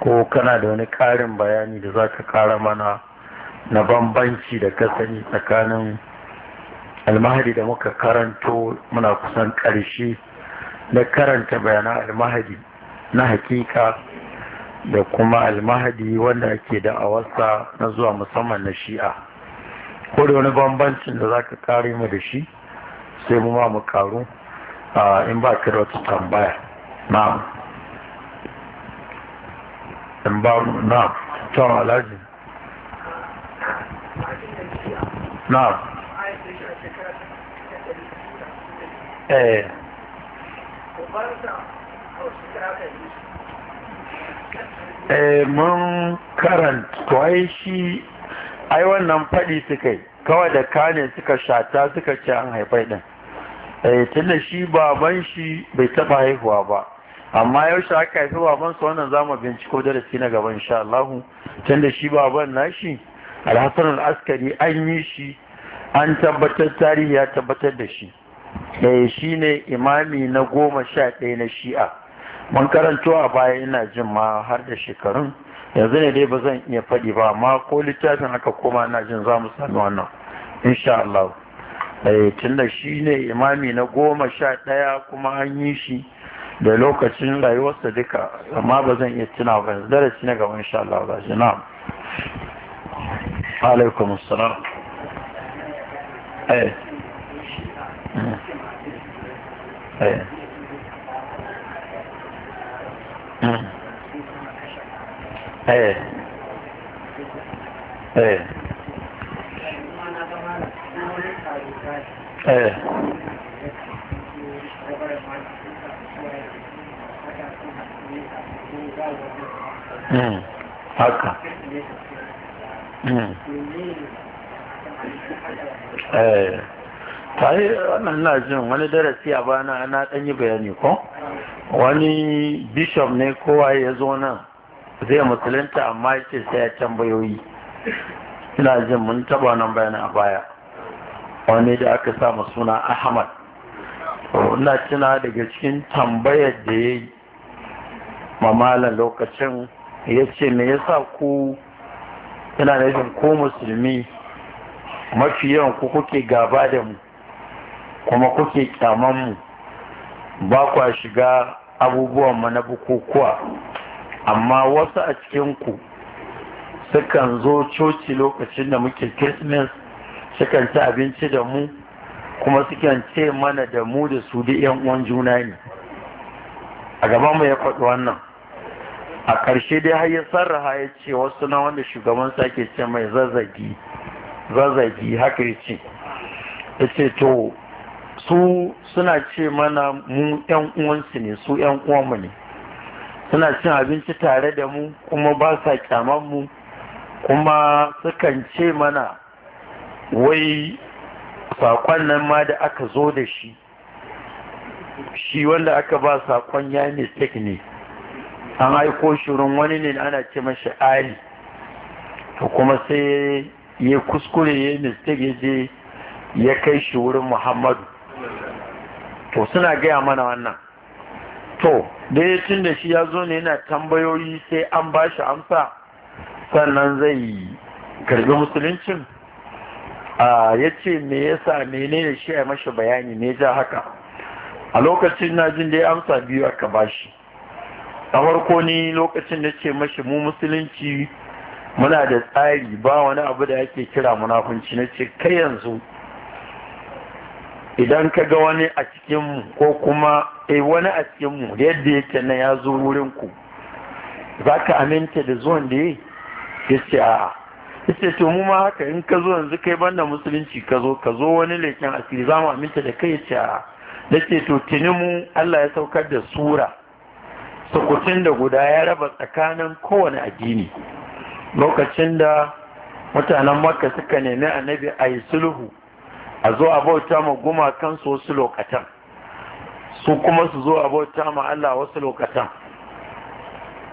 ko kana da wani ƙarin bayani da za ka ƙara mana na bambanci da kasani tsakanin almahadi da muka karanto muna kusan ƙarshe na karanta bayanan almahadi na hakika da kuma almahadi wanda ake da wasa na zuwa musamman na shi'a ko da wani bambancin da za ka kare mu da shi sai mu ma mu karu in ba ka da wata tambaya na'am in ba mu, na'am to alhaji na'am eh, eh mun karanta shi ai wannan faɗi suka yi kawai da kane suka shata suka ce an haifai ɗin Eh, tunda shi baban shi bai taba haihuwa ba amma yaushe aka haifi baban su wannan zamu binciko darasi na gaba insha Allah tunda shi baban nashi Al-Hasan askari an yi shi an tabbatar tarihi ya tabbatar da shi eh shine imami na goma sha ɗaya na shi'a mun karanto a baya ina jin ma har da shekarun yanzu ne dai ba zan iya faɗi ba amma ko littafin haka koma ina jin zamu mu sami wannan insha Eh, tun shi ne imami na goma sha ɗaya kuma an yi shi da lokacin rayuwarsa duka amma ba zan iya tuna ba yanzu darasi na gaban insha Allah ba shi na'am alaikum assalam eh hmm. Eh. Hmm. eh eh eh Evet. Hmm. Hakka. Hmm. Eh. Tare wannan lazim wani darasi a bana na dan bayani ko? Wani bishop ne kowa ya zo nan zai musulunta amma ya ce sai ya tambayoyi. Ina jin mun taba nan bayani a baya. wani da aka sa suna ahmad ina tuna daga cikin tambayar da ya yi mamala lokacin ya ce me yasa ku ina nufin ko musulmi mafi yawan ku kuke gaba da mu kuma kuke kyaman mu ba kwa shiga abubuwan mana bukukuwa amma wasu a cikin ku sukan zo coci lokacin da muke christmas sukan ci abinci da mu kuma sukan ce mana da mu da su da yan uwan juna ne a gaba mu ya faɗi wannan a ƙarshe dai har ya sarraha ya ce wasu na wanda shugaban sake ce mai zazzagi zazzagi haka ya ce ya ce to su suna ce mana mu yan uwansu ne su yan uwanmu ne suna cin abinci tare da mu kuma ba sa kyaman mu kuma sukan ce mana wai sakon nan ma da aka zo da shi shi wanda aka ba sakon ya mistake ne an aiko shirin wani ne ana ce mashi ali to kuma sai ya kuskure ya yi mistake ya je ya kai shi wurin muhammadu to suna gaya mana wannan to tun da shi ya zo ne yana tambayoyi sai an ba shi amsa sannan zai karbi musuluncin ya ce me yasa menene shi ya mashi bayani ne ja haka a lokacin na jin dai amsa biyu aka bashi a farko ni lokacin da ce mashi mu musulunci muna da tsari ba wani abu da yake kira munafunci na ce kai yanzu idan ka ga wani a cikinmu ko kuma eh, wani a cikinmu yadda yake na ya zo wurinku za ka aminta da zuwan da ya ce a yace to mu ma haka in ka zo yanzu kai banda musulunci ka zo ka zo wani leƙen asiri za mu aminta da kai ce a to tuni mu Allah ya saukar da sura sukutun da guda ya raba tsakanin kowane addini lokacin da mutanen makka suka nemi annabi a yi sulhu a zo a bauta ma gumakan su wasu lokatan su kuma su zo a bauta ma Allah wasu lokatan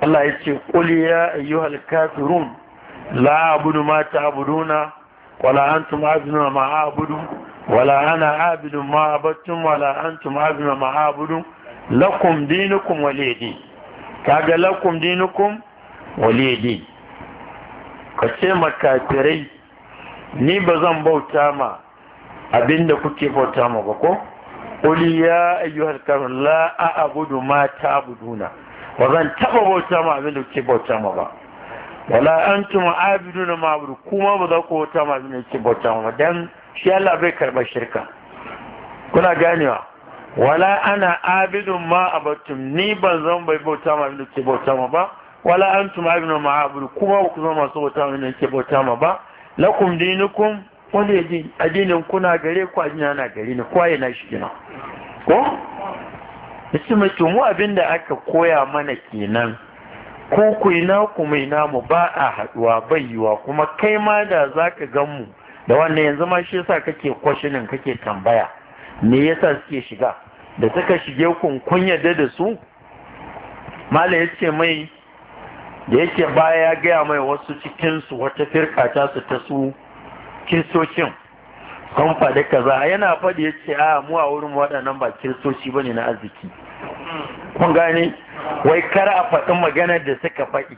Allah ya ce ƙuli ya ayyuhal kafirun la abudu ma abuduna, wala an antum abiduna ma abudu wala ana abidun ma abattum wala an antum abiduna ma abudu lakum dinukum waliyadi kaga lakum dinukum waliyadi ka ce makafirai ni ba zan bauta ma abinda kuke bauta ma ba ko Kuli ya ayyuhal karun la a abudu ma ta abuduna ba zan taba bauta ma abinda kuke bauta ma ba wala an abidu na ma'budu kuma ba za ku wata ma ne ke bauta ma dan shi Allah bai karba shirka kuna ganewa wala ana abidun ma abatum ni ban zan bai bauta ma ne ke bauta ma ba wala an abidu ma ma'budu kuma ba ku zama masu bauta ma ne ke bauta ma ba lakum dinukum wani addinin kuna gare ku addinin na gare ni kwaye na shi gina ko Bismillah mu abinda aka koya mana kenan ko ku yi naku mai namu ba a haɗuwa bai yiwa kuma kai ma da za ka gan mu da wannan yanzu ma shi yasa kake kwashinin kake tambaya me yasa suke shiga da suka shige kun kun yarda da su mala ya ce mai da yake baya ya gaya mai wasu cikinsu wata firka ta su ta su kiristocin kan faɗi kaza yana faɗi ya ce a ah, mu a wurin waɗannan ba kiristoci bane na arziki kun gane wai kar a faɗi magana da suka faɗi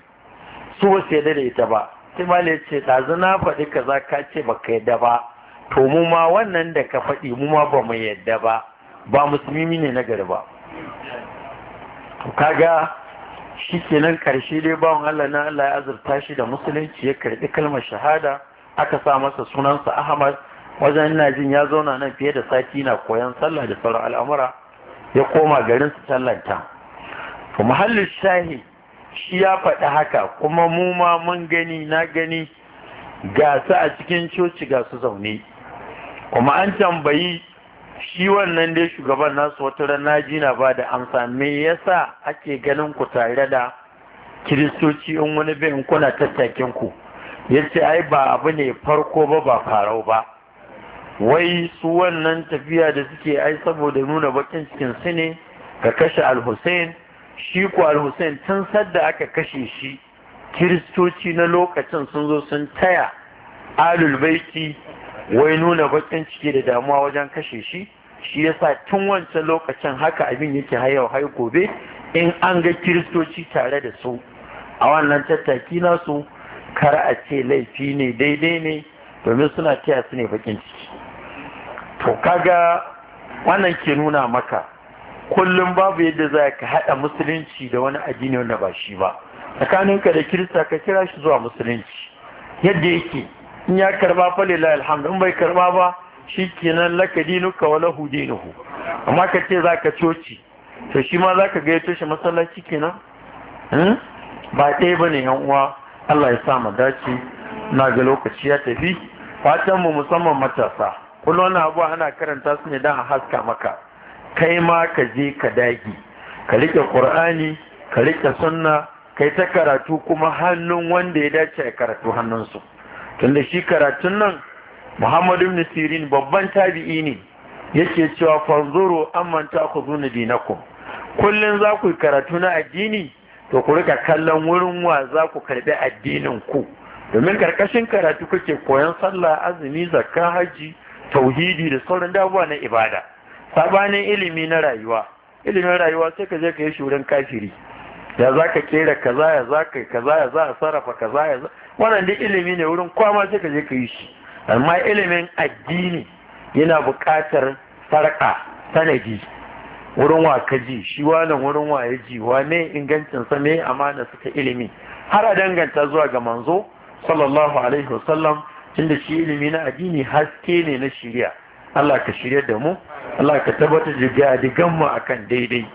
su wasu yadda da ita ba sai ya ce ɗazu na faɗi kaza ka ce ba ka yadda ba to mu ma wannan da ka faɗi mu ma ba mu yadda ba ba musulmi ne na gari ba kaga shi kenan karshe dai bawan Allah na Allah ya azurta shi da musulunci ya karbi kalmar shahada aka sa masa sunansa Ahmad wajen ina jin ya zauna nan fiye da sati na koyon sallah da sauran al'amura ya koma garin su sallanta to muhallin shahi shi ya faɗi haka kuma mu ma mun gani na gani ga su a cikin coci ga su zaune kuma an tambayi shi wannan dai shugaban nasu wata rana jina ba da amsa me yasa ake ganin ku tare da kiristoci in wani bin kuna tattakin ku yace ai ba abu ne farko ba ba farau ba wai su wannan tafiya da suke ai saboda nuna bakin cikin su ne ga kashe al-Hussein shi kwal hussein tun sadda aka kashe shi kiristoci na lokacin sun zo sun taya alul wai nuna bakin ciki da damuwa wajen kashe shi shi yasa tun wancan lokacin haka abin yake hayau hai gobe in an ga kiristoci tare da su a wannan tattaki nasu kar a ce laifi ne daidai ne domin suna taya su ne bakin ciki to kaga wannan ke nuna maka kullum babu yadda za ka haɗa musulunci da wani addini wanda ba shi ba Tsakanin ka da kirista ka kira shi zuwa musulunci yadda yake in ya karba fa lillahi alhamdu in bai karba ba shi kenan laka dinuka wa lahu dinuhu amma ka ce za ka coci to shi ma za ka ga ya toshe masallaci kenan hmm? ba ɗaya ba yan uwa Allah ya sa mu dace na ga lokaci ya tafi fatan mu musamman matasa kullum wannan abu ana karanta su ne dan a haska maka kai ma ka je ka dagi ka rike Ƙur'ani, ka rike sunna kai ta karatu kuma hannun wanda ya dace ya karatu hannunsu tunda shi karatun nan muhammadu ibn sirin babban tabi'i ne yake cewa fanzuru amman zuna dinakum kullun za ku karatu na addini to ku rika kallon wurin wa za ku karbi addinin ku domin karkashin karatu kake koyon sallah azumi zakka haji tauhidi da sauran dabuwa na ibada sabanin ilimi na rayuwa ilimin rayuwa sai ka je ka yi shurin kafiri ya za ka kera kaza ya za ka kaza ya za a sarrafa kaza ya za wannan duk ilimi ne wurin kwama sai ka je ka yi shi amma ilimin addini yana buƙatar sarƙa sanadi wurin wa ka ji shi wannan wurin wa ya ji wa ne ingancin sa ne amana suka ilimi har a danganta zuwa ga manzo sallallahu alaihi wasallam tunda shi ilimi na addini haske ne na shiriya Allah ka shirya da mu Allah ka tabbatar da gadigan mu akan daidai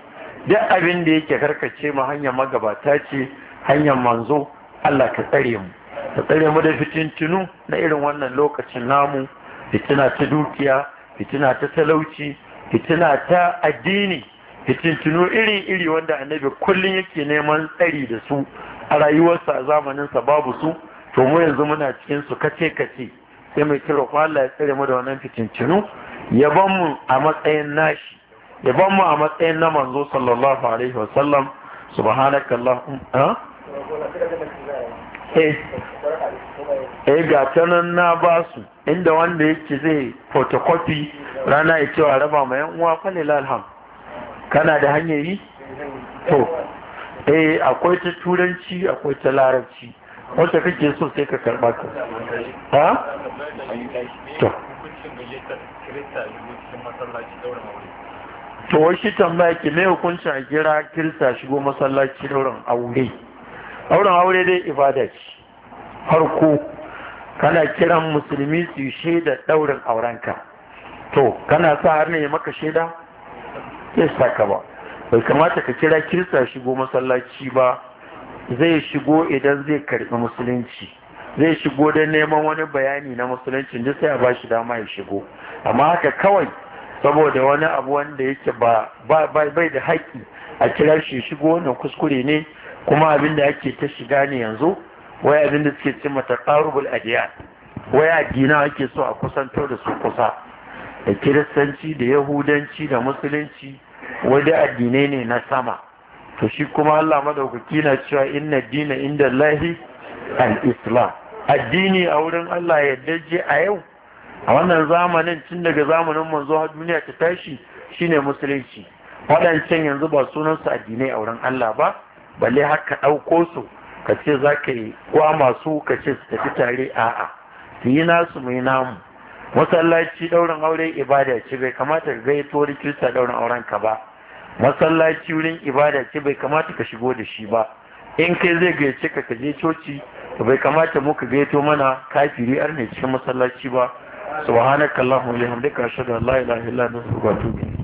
duk abin da yake karkace mu hanyar magabata ce hanyar manzo Allah ka tsare mu ka tsare mu da fitintunu na irin wannan lokacin namu fitina ta dukiya fitina ta talauci fitina ta addini fitintunu iri-iri wanda annabi kullum yake neman tsari da su a rayuwarsa a zamaninsa babu su to mu yanzu muna cikin su kace-kace sai mai kira ko Allah ya tsere mu da wannan fitincinu ya ban mu a matsayin nashi ya ban mu a matsayin na manzo sallallahu alaihi wasallam subhanaka allahum ha eh eh ga tanan na ba su inda wanda yake zai photocopy rana ya cewa raba ma yan uwa fa alham kana da hanyar yi to eh akwai ta turanci akwai ta larabci wacce kake so sai ka karɓa ka ha to to wai shi tambaya ki me hukuncin a kira kirista shigo masallaci dauran aure dauran aure dai ibada ce farko kana kiran musulmi su shaida daurin aurenka to kana sa har ne ya maka shaida ya saka ba bai kamata ka kira kirista shigo masallaci ba zai shigo idan zai karɓi musulunci zai shigo don neman wani bayani na musulunci duk sai a ba shi dama ya shigo amma haka kawai saboda wani abu wanda yake ba bai da haƙƙi a kira shi shigo wannan kuskure ne kuma abin da ake ta shiga ne yanzu wai abin da suke cimma taqarubul adiya wai addina ake so a kusanto da su kusa da kiristanci da yahudanci da musulunci wani addinai ne na sama to shi kuma Allah madaukaki na cewa inna dina inda lahi al-islam addini a wurin Allah yadda je a yau a wannan zamanin tun daga zamanin manzo har duniya ta tashi shine musulunci waɗancan yanzu ba sunan su addinai a wurin Allah ba balle har ka ɗauko su ka ce za ka yi kwa masu ka ce su tafi tare a'a su yi nasu mai namu masallaci ɗaurin aure ibada ce bai kamata ka gaito rikista kirista ɗaurin auren ka ba masallaci wurin ibada ce bai kamata ka shigo da shi ba in kai zai gayyace ka je coci to bai kamata mu ka gayyato mana kafiri ar ne cikin masallaci ba subhanakallahumma wa bihamdika ashhadu an la ilaha illa anta astaghfiruka wa atubu